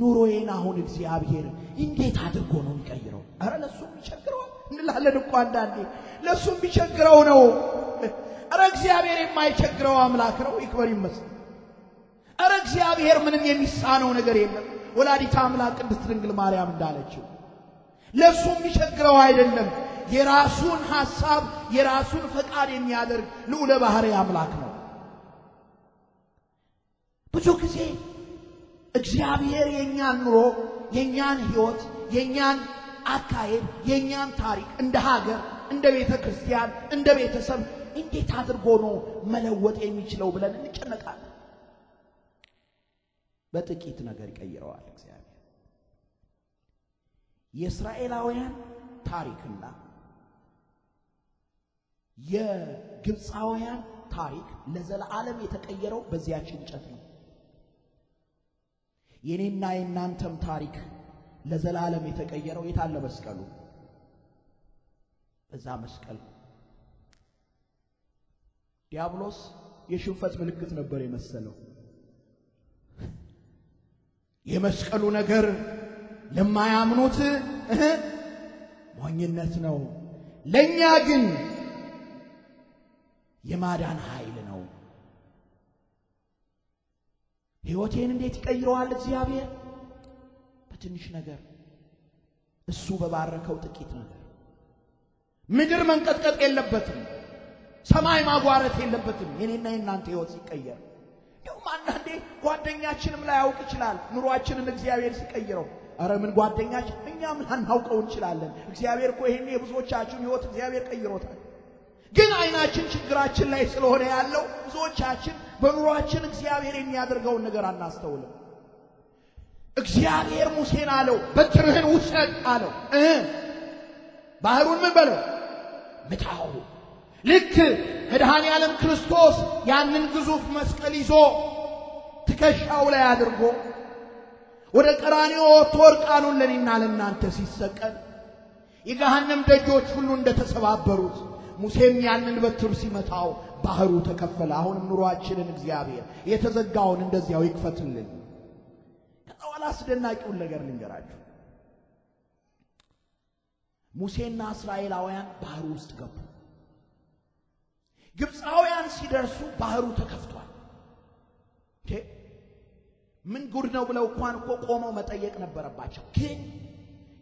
ኑሮዬን አሁን እግዚአብሔር እንዴት አድርጎ ነው የሚቀይረው? አረ ለሱ ይቸግረዋል እንላለን እኮ አንዳንዴ። ለእሱ የሚቸግረው ነው። እረ እግዚአብሔር የማይቸግረው አምላክ ነው። ይክበር ይመስል። እረ እግዚአብሔር ምንም የሚሳነው ነገር የለም። ወላዲታ አምላክ ቅድስት ድንግል ማርያም እንዳለችው ለእሱ የሚቸግረው አይደለም። የራሱን ሐሳብ የራሱን ፈቃድ የሚያደርግ ልዑለ ባሕሪ አምላክ ነው። ብዙ ጊዜ እግዚአብሔር የእኛን ኑሮ፣ የእኛን ሕይወት፣ የእኛን አካሄድ፣ የእኛን ታሪክ እንደ ሀገር እንደ ቤተ ክርስቲያን፣ እንደ ቤተሰብ እንዴት አድርጎ ነው መለወጥ የሚችለው ብለን እንጨነቃለን። በጥቂት ነገር ይቀይረዋል እግዚአብሔር። የእስራኤላውያን ታሪክና የግብፃውያን ታሪክ ለዘላለም የተቀየረው በዚያች እንጨት ነው። የኔና የእናንተም ታሪክ ለዘላለም የተቀየረው የታለ መስቀሉ በዛ መስቀል ዲያብሎስ የሽንፈት ምልክት ነበር የመሰለው። የመስቀሉ ነገር ለማያምኑት ሞኝነት ነው፣ ለእኛ ግን የማዳን ኃይል ነው። ሕይወቴን እንዴት ይቀይረዋል እግዚአብሔር? በትንሽ ነገር እሱ በባረከው ጥቂት ነገር ምድር መንቀጥቀጥ የለበትም። ሰማይ ማጓረት የለበትም። የኔና የእናንተ ህይወት ሲቀየር ይኸውም አንዳንዴ ጓደኛችንም ላያውቅ ይችላል። ኑሯችንን እግዚአብሔር ሲቀይረው አረ ምን ጓደኛችን እኛም ላናውቀው እንችላለን። እግዚአብሔር እኮ ይሄኔ የብዙዎቻችሁን ህይወት እግዚአብሔር ቀይሮታል። ግን አይናችን ችግራችን ላይ ስለሆነ ያለው ብዙዎቻችን በኑሯችን እግዚአብሔር የሚያደርገውን ነገር አናስተውልም። እግዚአብሔር ሙሴን አለው፣ በትርህን ውሰድ አለው። ባህሩን ምን በለው ምታው። ልክ መድኃኔ ዓለም ክርስቶስ ያንን ግዙፍ መስቀል ይዞ ትከሻው ላይ አድርጎ ወደ ቀራንዮ ወጥቶ እርቃኑን ለእኔና ለእናንተ ሲሰቀል የገሃነም ደጆች ሁሉ እንደተሰባበሩት ሙሴም ያንን በትር ሲመታው ባህሩ ተከፈለ። አሁንም ኑሯችንን እግዚአብሔር የተዘጋውን እንደዚያው ይክፈትልን። ከዛ በኋላ አስደናቂውን ነገር ልንገራችሁ። ሙሴና እስራኤላውያን ባህሩ ውስጥ ገቡ። ግብፃውያን ሲደርሱ ባህሩ ተከፍቷል። ምን ጉድ ነው ብለው እንኳን እኮ ቆመው መጠየቅ ነበረባቸው። ግን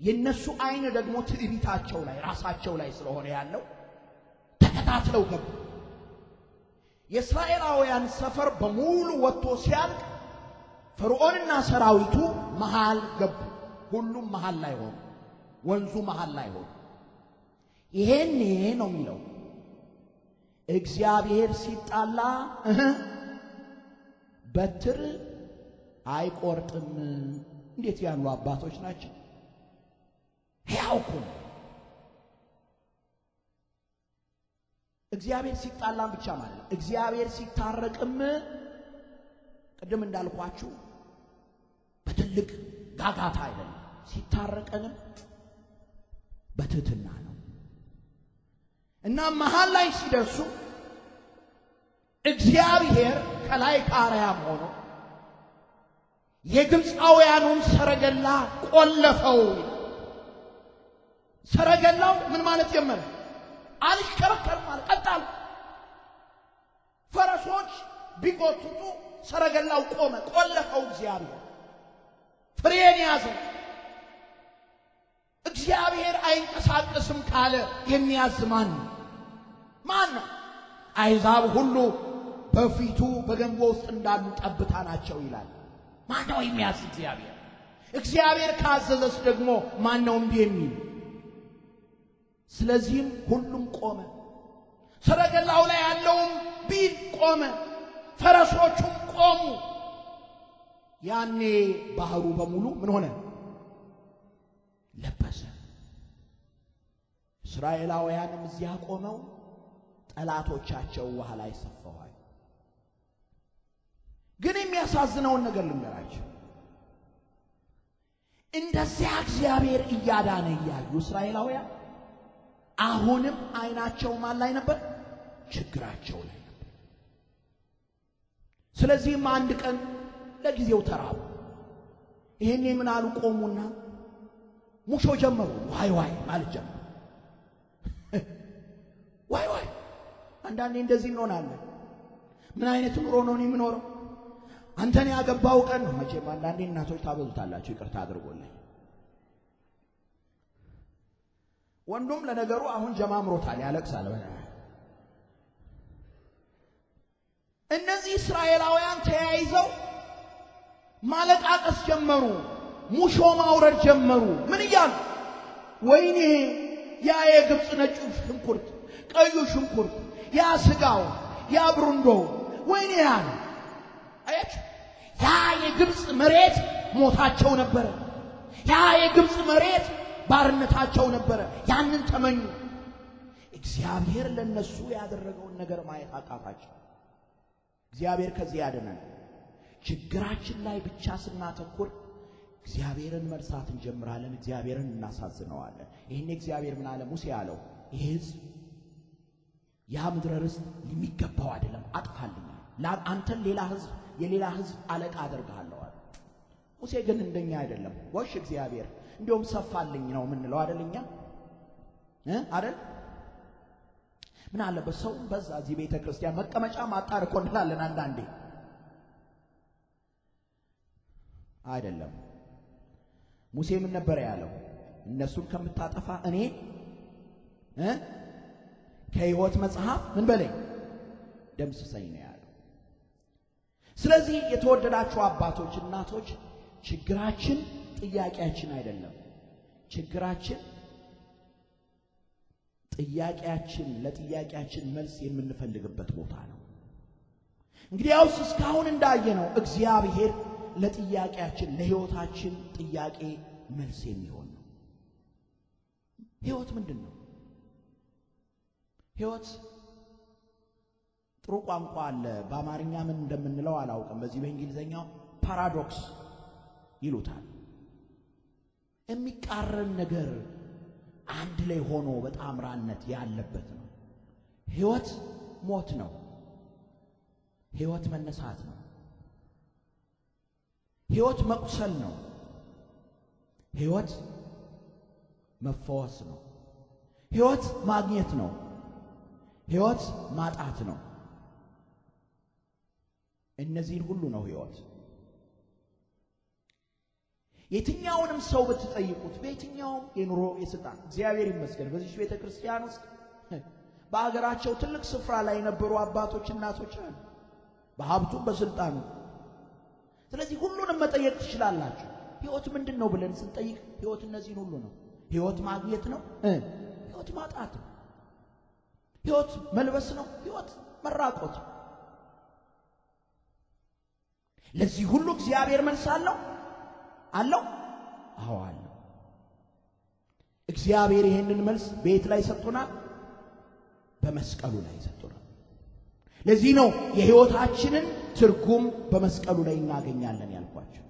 የእነሱ አይን ደግሞ ትዕቢታቸው ላይ ራሳቸው ላይ ስለሆነ ያለው ተከታትለው ገቡ። የእስራኤላውያን ሰፈር በሙሉ ወጥቶ ሲያልቅ ፈርዖንና ሰራዊቱ መሃል ገቡ። ሁሉም መሃል ላይ ሆኑ። ወንዙ መሃል ላይ ሆኖ ይሄን ይሄ ነው የሚለው እግዚአብሔር ሲጣላ በትር አይቆርጥም። እንዴት ያሉ አባቶች ናቸው! ሕያው እኮ ነው። እግዚአብሔር ሲጣላም ብቻ ማለት እግዚአብሔር ሲታረቅም ቅድም እንዳልኳችሁ በትልቅ ጋጋታ አይደለም ሲታረቀንም በትህትና ነው እና መሃል ላይ ሲደርሱ እግዚአብሔር ከላይ ከአርያም ሆኖ የግብፃውያኑን ሰረገላ ቆለፈው። ሰረገላው ምን ማለት ጀመረ? አልሽከረከርም ማለት ቀጣሉ ፈረሶች ቢጎትቱ ሰረገላው ቆመ። ቆለፈው እግዚአብሔር ፍሬን ያዘው። እግዚአብሔር አይንቀሳቀስም ካለ የሚያዝ ማን ነው? ማን ነው? አይዛብ ሁሉ በፊቱ በገንቦ ውስጥ እንዳሉ ጠብታ ናቸው ይላል። ማን ነው የሚያዝ እግዚአብሔር? እግዚአብሔር ካዘዘስ ደግሞ ማን ነው እምቢ የሚል? ስለዚህም ሁሉም ቆመ። ሰረገላው ላይ ያለውም ቢል ቆመ፣ ፈረሶቹም ቆሙ። ያኔ ባህሩ በሙሉ ምን ሆነ? ለበሰ። እስራኤላውያንም እዚያ ቆመው ጠላቶቻቸው ውሃ ላይ ሰፈዋል። ግን የሚያሳዝነውን ነገር ልንገራቸው። እንደዚያ እግዚአብሔር እያዳነ እያዩ እስራኤላውያን አሁንም አይናቸው ማን ላይ ነበር? ችግራቸው ላይ ነበር። ስለዚህም አንድ ቀን ለጊዜው ተራቡ። ይህኔ ምን አሉ? ቆሙና ሙሾ ጀመሩ። ዋይ ዋይ ማለት ጀመሩ። ዋይ ዋይ አንዳንዴ እንደዚህ እንሆናለን። ምን አይነት ኑሮ ነው የምኖረው? አንተን ያገባው ቀን ነው። መቼም አንዳንዴ እናቶች ታበዙታላችሁ። ይቅርታ አድርጎልኝ። ወንዱም ለነገሩ አሁን ጀማምሮታል፣ ያለቅሳል። እነዚህ እስራኤላውያን ተያይዘው ማለቃቀስ ጀመሩ። ሙሾ ማውረድ ጀመሩ። ምን እያሉ ወይኔ ያ የግብፅ ነጩ ሽንኩርት፣ ቀዩ ሽንኩርት፣ ያ ስጋው፣ ያ ብሩንዶ ወይኔ ያ አያችሁ፣ ያ የግብፅ መሬት ሞታቸው ነበረ። ያ የግብፅ መሬት ባርነታቸው ነበረ። ያንን ተመኙ። እግዚአብሔር ለነሱ ያደረገውን ነገር ማየት አቃታቸው። እግዚአብሔር ከዚህ ያድነን። ችግራችን ላይ ብቻ ስናተኩር እግዚአብሔርን መርሳት እንጀምራለን፣ እግዚአብሔርን እናሳዝነዋለን። ይህን እግዚአብሔር ምን አለ? ሙሴ አለው ይህ ህዝብ ያ ምድረ ርስት የሚገባው አይደለም፣ አጥፋልኝ፣ አንተን ሌላ ህዝብ የሌላ ህዝብ አለቃ አደርግሃለሁ። ሙሴ ግን እንደኛ አይደለም። ወሽ እግዚአብሔር እንዲሁም ሰፋልኝ ነው የምንለው አይደል? እኛ አይደል? ምን አለበት ሰውም በዛ እዚህ ቤተ ክርስቲያን መቀመጫ ማጣርቆ እንላለን አንዳንዴ አይደለም ሙሴ ምን ነበር ያለው? እነሱን ከምታጠፋ እኔ ከሕይወት መጽሐፍ ምን በለኝ ደምስሰኝ ነው ያለው። ስለዚህ የተወደዳችሁ አባቶች፣ እናቶች ችግራችን ጥያቄያችን አይደለም። ችግራችን ጥያቄያችን ለጥያቄያችን መልስ የምንፈልግበት ቦታ ነው። እንግዲያውስ እስካሁን እንዳየነው እግዚአብሔር ለጥያቄያችን ለህይወታችን ጥያቄ መልስ የሚሆን ነው። ህይወት ምንድን ነው? ህይወት ጥሩ ቋንቋ አለ። በአማርኛ ምን እንደምንለው አላውቅም። በዚህ በእንግሊዘኛው ፓራዶክስ ይሉታል። የሚቃረን ነገር አንድ ላይ ሆኖ በጣምራነት ያለበት ነው። ህይወት ሞት ነው። ህይወት መነሳት ነው። ሕይወት መቁሰል ነው። ሕይወት መፈወስ ነው። ሕይወት ማግኘት ነው። ሕይወት ማጣት ነው። እነዚህን ሁሉ ነው ሕይወት። የትኛውንም ሰው ብትጠይቁት በየትኛውም የኑሮ የስልጣን እግዚአብሔር ይመስገን በዚች ቤተ ክርስቲያን ውስጥ በአገራቸው ትልቅ ስፍራ ላይ የነበሩ አባቶች፣ እናቶች አሉ። በሀብቱም በስልጣኑ ስለዚህ ሁሉንም መጠየቅ ትችላላችሁ። ህይወት ምንድን ነው ብለን ስንጠይቅ ህይወት እነዚህን ሁሉ ነው። ህይወት ማግኘት ነው፣ ህይወት ማጣት ነው። ህይወት መልበስ ነው፣ ህይወት መራቆት ነው። ለዚህ ሁሉ እግዚአብሔር መልስ አለው አለው። አዎ አለው። እግዚአብሔር ይህንን መልስ ቤት ላይ ሰጥቶናል? በመስቀሉ ላይ ሰጥቶናል። ለዚህ ነው የህይወታችንን ትርጉም በመስቀሉ ላይ እናገኛለን ያልኳቸው።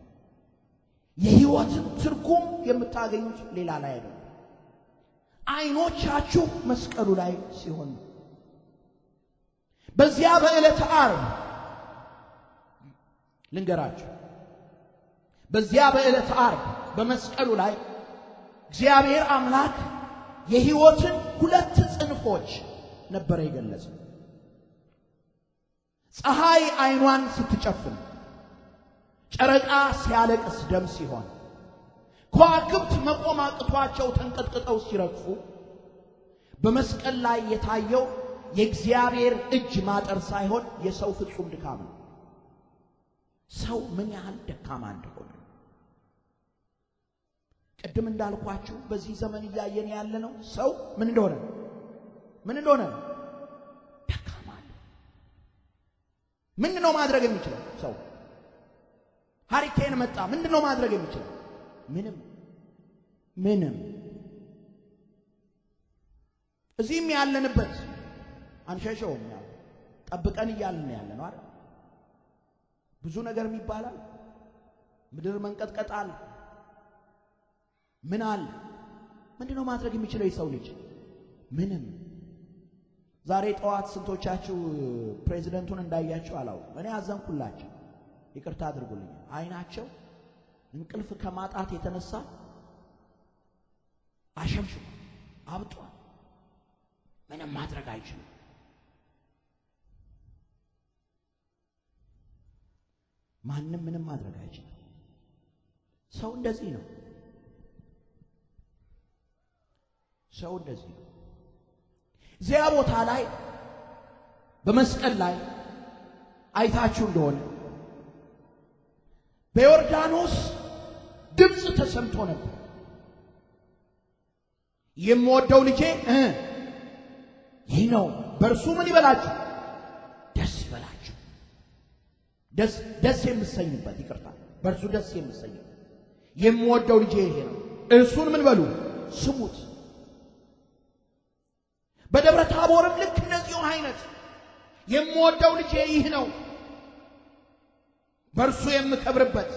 የህይወትን ትርጉም የምታገኙት ሌላ ላይ አይደለም፣ አይኖቻችሁ መስቀሉ ላይ ሲሆን ነው። በዚያ በዕለተ ዓርብ ልንገራችሁ፣ በዚያ በዕለተ ዓርብ በመስቀሉ ላይ እግዚአብሔር አምላክ የህይወትን ሁለት ጽንፎች ነበረ የገለጸው። ፀሐይ አይኗን ስትጨፍን፣ ጨረቃ ሲያለቅስ ደም ሲሆን፣ ከዋክብት መቆም አቅቷቸው ተንቀጥቅጠው ሲረግፉ በመስቀል ላይ የታየው የእግዚአብሔር እጅ ማጠር ሳይሆን የሰው ፍጹም ድካም ነው። ሰው ምን ያህል ደካማ እንደሆነ ቅድም እንዳልኳችሁ በዚህ ዘመን እያየን ያለ ሰው ምን እንደሆነ ምን እንደሆነ ነው ምንድን ነው ማድረግ የሚችለው ሰው? ሃሪኬን መጣ። ምንድን ነው ማድረግ የሚችለው? ምንም ምንም። እዚህም ያለንበት አንሸሸውም፣ ያው ጠብቀን እያልን ያለ ነው አይደል? ብዙ ነገር ይባላል። ምድር መንቀጥቀጣል። ምን አለ? ምንድን ነው ማድረግ የሚችለው የሰው ልጅ? ምንም ዛሬ ጠዋት ስንቶቻችሁ ፕሬዚደንቱን እንዳያችሁ አላውቅም። እኔ አዘንኩላቸው፣ ይቅርታ አድርጉልኝ። አይናቸው እንቅልፍ ከማጣት የተነሳ አሸብሽቧል፣ አብጧል። ምንም ማድረግ አይችልም። ማንም ምንም ማድረግ አይችልም። ሰው እንደዚህ ነው። ሰው እንደዚህ ነው። እዚያ ቦታ ላይ በመስቀል ላይ አይታችሁ እንደሆነ በዮርዳኖስ ድምፅ ተሰምቶ ነበር። የምወደው ልጄ ይህ ነው፣ በእርሱ ምን ይበላችሁ? ደስ ይበላችሁ። ደስ የምሰኝበት ይቅርታ፣ በእርሱ ደስ የምሰኝበት የምወደው ልጄ ይሄ ነው፣ እርሱን ምን በሉ ስሙት። በደብረ ታቦርም ልክ እንደዚሁ አይነት የምወደው ልጄ ይህ ነው፣ በእርሱ የምከብርበት፣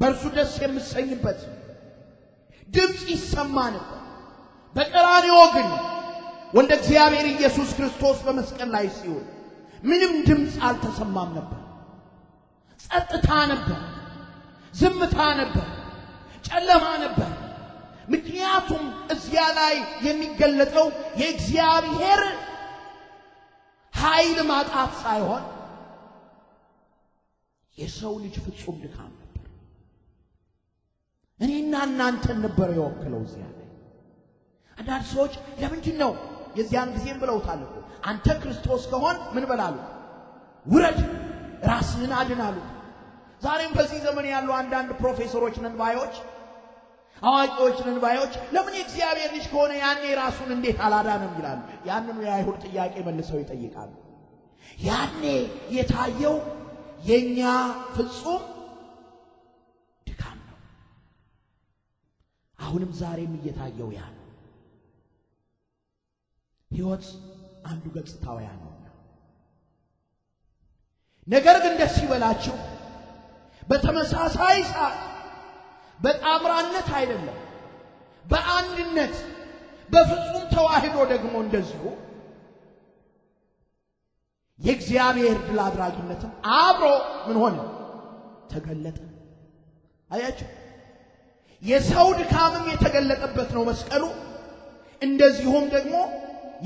በእርሱ ደስ የምሰኝበት ድምፅ ይሰማንበት። በቀራንዮ ግን ወልደ እግዚአብሔር ኢየሱስ ክርስቶስ በመስቀል ላይ ሲሆን ምንም ድምፅ አልተሰማም ነበር። ጸጥታ ነበር፣ ዝምታ ነበር፣ ጨለማ ነበር። ምክንያቱም እዚያ ላይ የሚገለጠው የእግዚአብሔር ኃይል ማጣት ሳይሆን የሰው ልጅ ፍጹም ድካም ነበር። እኔና እናንተን ነበር የወክለው እዚያ ላይ። አንዳንድ ሰዎች ለምንድን ነው የዚያን ጊዜም ብለውታል እኮ አንተ ክርስቶስ ከሆን ምን በላሉ ውረድ፣ ራስህን አድን አሉ። ዛሬም በዚህ ዘመን ያሉ አንዳንድ ፕሮፌሰሮች ነን ባዮች አዋቂዎች ነን ባዮች ለምን የእግዚአብሔር ልጅ ከሆነ ያኔ ራሱን እንዴት አላዳንም ይላሉ። ያንኑ የአይሁድ ጥያቄ መልሰው ይጠይቃሉ። ያኔ የታየው የኛ ፍጹም ድካም ነው። አሁንም ዛሬም እየታየው ያ ነው። ሕይወት አንዱ ገጽታው ያ ነው። ነገር ግን ደስ ይበላችሁ በተመሳሳይ ሰዓት በጣምራነት አይደለም፣ በአንድነት በፍጹም ተዋህዶ ደግሞ እንደዚሁ የእግዚአብሔር ድል አድራጊነትም አብሮ ምን ሆነ ተገለጠ። አያችሁ፣ የሰው ድካምም የተገለጠበት ነው መስቀሉ። እንደዚሁም ደግሞ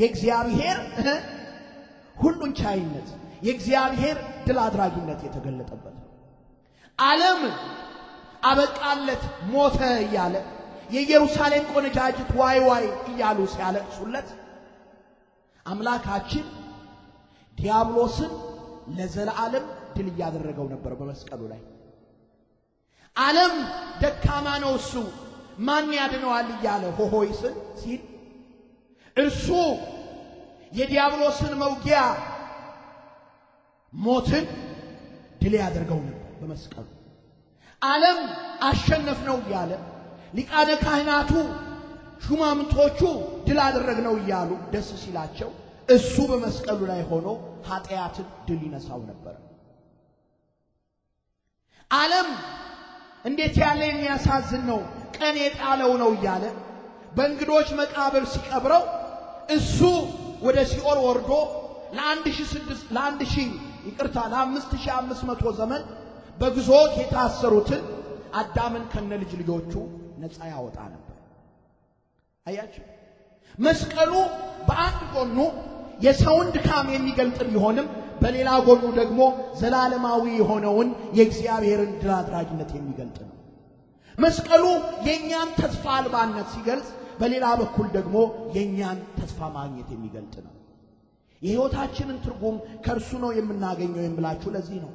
የእግዚአብሔር ሁሉን ቻይነት የእግዚአብሔር ድል አድራጊነት የተገለጠበት ነው። ዓለም አበቃለት ሞተ እያለ የኢየሩሳሌም ቆነጃጅት ዋይ ዋይ እያሉ ሲያለቅሱለት አምላካችን ዲያብሎስን ለዘላለም ድል እያደረገው ነበር በመስቀሉ ላይ። ዓለም ደካማ ነው እሱ ማን ያድነዋል እያለ ሆሆይ ሲል እርሱ የዲያብሎስን መውጊያ ሞትን ድል ያደርገው ነበር በመስቀሉ። ዓለም አሸነፍ ነው እያለ ሊቃነ ካህናቱ ሹማምንቶቹ ድል አደረግነው እያሉ ደስ ሲላቸው እሱ በመስቀሉ ላይ ሆኖ ኃጢአትን ድል ይነሳው ነበር። ዓለም እንዴት ያለ የሚያሳዝን ነው፣ ቀን የጣለው ነው እያለ በእንግዶች መቃብር ሲቀብረው እሱ ወደ ሲኦል ወርዶ ለአንድ ሺህ ስድስት ለአንድ ሺህ ይቅርታ ለአምስት ሺህ አምስት መቶ ዘመን በግዞት የታሰሩትን አዳምን ከነ ልጅ ልጆቹ ነፃ ያወጣ ነበር። አያችሁ፣ መስቀሉ በአንድ ጎኑ የሰውን ድካም የሚገልጥ ቢሆንም በሌላ ጎኑ ደግሞ ዘላለማዊ የሆነውን የእግዚአብሔርን ድል አድራጊነት የሚገልጥ ነው። መስቀሉ የእኛን ተስፋ አልባነት ሲገልጽ፣ በሌላ በኩል ደግሞ የእኛን ተስፋ ማግኘት የሚገልጥ ነው። የሕይወታችንን ትርጉም ከእርሱ ነው የምናገኘው የምላችሁ ለዚህ ነው።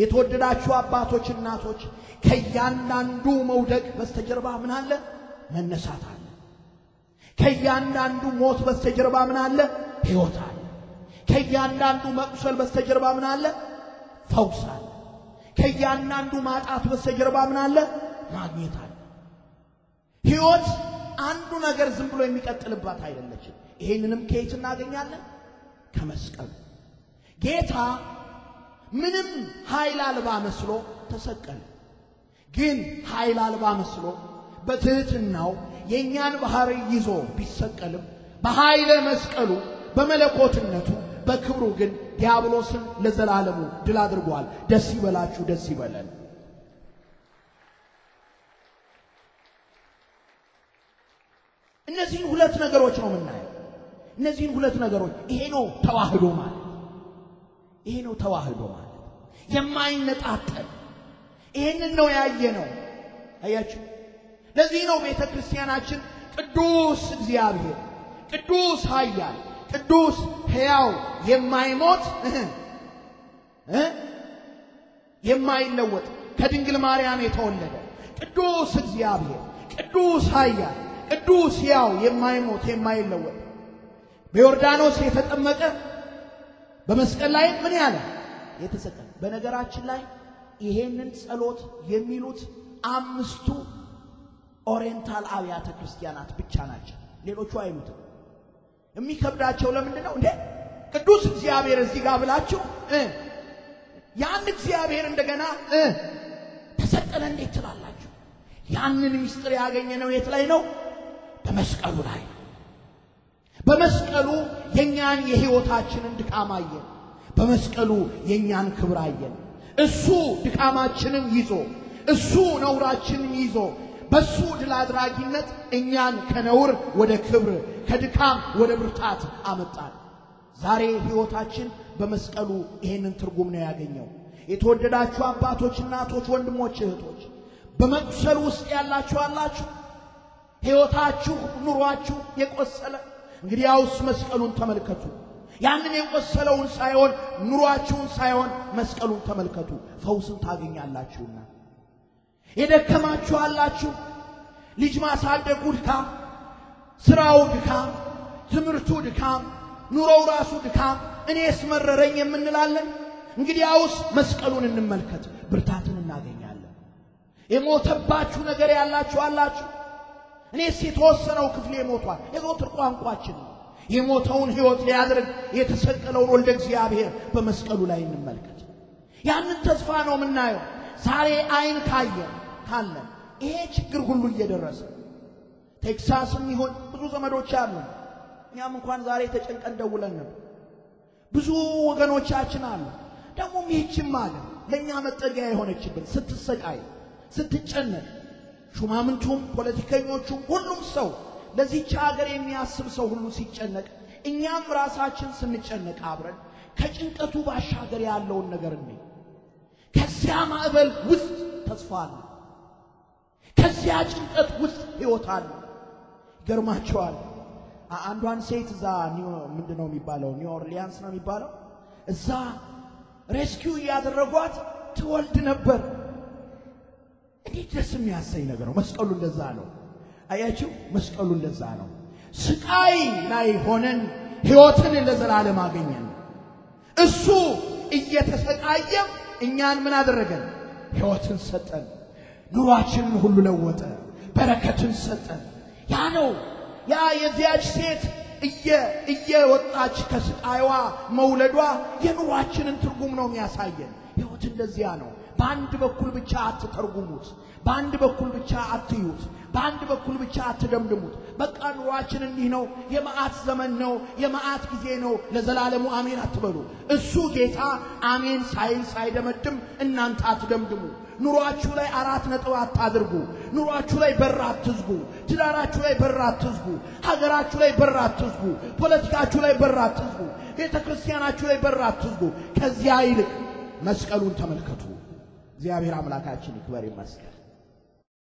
የተወደዳችሁ አባቶች፣ እናቶች ከእያንዳንዱ መውደቅ በስተጀርባ ምን አለ? መነሳት አለ። ከእያንዳንዱ ሞት በስተጀርባ ምን አለ? ሕይወት አለ። ከእያንዳንዱ መቁሰል በስተጀርባ ምን አለ? ፈውስ አለ። ከእያንዳንዱ ማጣት በስተጀርባ ምን አለ? ማግኘት አለ። ሕይወት አንዱ ነገር ዝም ብሎ የሚቀጥልባት አይደለችም። ይሄንንም ከየት እናገኛለን? ከመስቀሉ ጌታ ምንም ኃይል አልባ መስሎ ተሰቀለ። ግን ኃይል አልባ መስሎ በትህትናው የእኛን ባህር ይዞ ቢሰቀልም በኃይለ መስቀሉ በመለኮትነቱ በክብሩ ግን ዲያብሎስን ለዘላለሙ ድል አድርጓል። ደስ ይበላችሁ፣ ደስ ይበለን። እነዚህን ሁለት ነገሮች ነው የምናየው። እነዚህን ሁለት ነገሮች ይሄ ነው ተዋህዶ ማለት ይሄ ነው ተዋህዶ ማለት የማይነጣጠል ይሄንን ነው ያየ ነው አያችሁ። ለዚህ ነው ቤተ ክርስቲያናችን ቅዱስ እግዚአብሔር ቅዱስ ኃያል ቅዱስ ሕያው የማይሞት የማይለወጥ ከድንግል ማርያም የተወለደ ቅዱስ እግዚአብሔር ቅዱስ ኃያል ቅዱስ ሕያው የማይሞት የማይለወጥ በዮርዳኖስ የተጠመቀ በመስቀል ላይ ምን ያለ የተሰቀለ። በነገራችን ላይ ይሄንን ጸሎት የሚሉት አምስቱ ኦሪየንታል አብያተ ክርስቲያናት ብቻ ናቸው። ሌሎቹ አይሉትም። የሚከብዳቸው ለምንድን ነው? እንዴ ቅዱስ እግዚአብሔር እዚህ ጋር ብላችሁ ያን እግዚአብሔር እንደገና ተሰቀለ እንዴት ትላላችሁ? ያንን ምስጢር ያገኘ ነው የት ላይ ነው? በመስቀሉ ላይ በመስቀሉ የእኛን የሕይወታችንን ድካም አየን። በመስቀሉ የእኛን ክብር አየን። እሱ ድካማችንን ይዞ እሱ ነውራችንን ይዞ በሱ ድል አድራጊነት እኛን ከነውር ወደ ክብር ከድካም ወደ ብርታት አመጣን። ዛሬ ሕይወታችን በመስቀሉ ይሄንን ትርጉም ነው ያገኘው። የተወደዳችሁ አባቶች፣ እናቶች፣ ወንድሞች፣ እህቶች በመቁሰል ውስጥ ያላችሁ አላችሁ። ሕይወታችሁ፣ ኑሯችሁ የቆሰለ እንግዲህ መስቀሉን ተመልከቱ። ያንን የቆሰለውን ሳይሆን ኑሯችሁን ሳይሆን መስቀሉን ተመልከቱ። ፈውስን ታገኛላችሁና የደከማችኋላችሁ አላችሁ። ልጅ ማሳደጉ ድካም፣ ስራው ድካም፣ ትምህርቱ ድካም፣ ኑሮው ራሱ ድካም፣ እኔ ስመረረኝ የምንላለን። እንግዲያውስ መስቀሉን እንመልከት፣ ብርታትን እናገኛለን። የሞተባችሁ ነገር ያላችሁ አላችሁ እኔስ የተወሰነው ክፍሌ ሞቷል። የዘወትር ቋንቋችን ነው። የሞተውን ሕይወት ሊያድርግ የተሰቀለውን ወልደ እግዚአብሔር በመስቀሉ ላይ እንመልከት። ያንን ተስፋ ነው የምናየው። ዛሬ አይን ካየ ካለን ይሄ ችግር ሁሉ እየደረሰ ቴክሳስም ይሁን ብዙ ዘመዶች አሉ። እኛም እንኳን ዛሬ ተጨንቀን ደውለን ብዙ ወገኖቻችን አሉ። ደግሞም ይህችም አለ ለእኛ መጠጊያ የሆነችብን ስትሰቃይ ስትጨነቅ ሹማምንቱም፣ ፖለቲከኞቹም፣ ሁሉም ሰው ለዚች ሀገር የሚያስብ ሰው ሁሉ ሲጨነቅ እኛም ራሳችን ስንጨነቅ አብረን ከጭንቀቱ ባሻገር ያለውን ነገር እንይ። ከዚያ ማዕበል ውስጥ ተስፋ አለ። ከዚያ ጭንቀት ውስጥ ሕይወት አለ። ይገርማቸዋል። አንዷን ሴት እዛ ምንድን ነው የሚባለው ኒው ኦርሊያንስ ነው የሚባለው እዛ ሬስኪው እያደረጓት ትወልድ ነበር። እንዴት ደስ የሚያሰኝ ነገር ነው። መስቀሉ እንደዛ ነው። አያችሁ፣ መስቀሉ እንደዛ ነው። ስቃይ ላይ ሆነን ሕይወትን ለዘላለም አገኘን። እሱ እየተሰቃየም እኛን ምን አደረገን? ሕይወትን ሰጠን። ኑሯችንን ሁሉ ለወጠ። በረከትን ሰጠን። ያ ነው ያ የዚያች ሴት እየወጣች ከስቃይዋ መውለዷ የኑሯችንን ትርጉም ነው የሚያሳየን። ሕይወት እንደዚያ ነው። በአንድ በኩል ብቻ አትተርጉሙት፣ በአንድ በኩል ብቻ አትዩት፣ በአንድ በኩል ብቻ አትደምድሙት። በቃ ኑሯችን እንዲህ ነው፣ የመዓት ዘመን ነው፣ የመዓት ጊዜ ነው፣ ለዘላለሙ አሜን አትበሉ። እሱ ጌታ አሜን ሳይል ሳይደመድም እናንተ አትደምድሙ። ኑሯችሁ ላይ አራት ነጥብ አታድርጉ። ኑሯችሁ ላይ በር አትዝጉ። ትዳራችሁ ላይ በር አትዝጉ። ሀገራችሁ ላይ በር አትዝጉ። ፖለቲካችሁ ላይ በር አትዝጉ። ቤተ ክርስቲያናችሁ ላይ በር አትዝጉ። ከዚያ ይልቅ መስቀሉን ተመልከቱ። እግዚአብሔር አምላካችን ይክበር ይመስገን።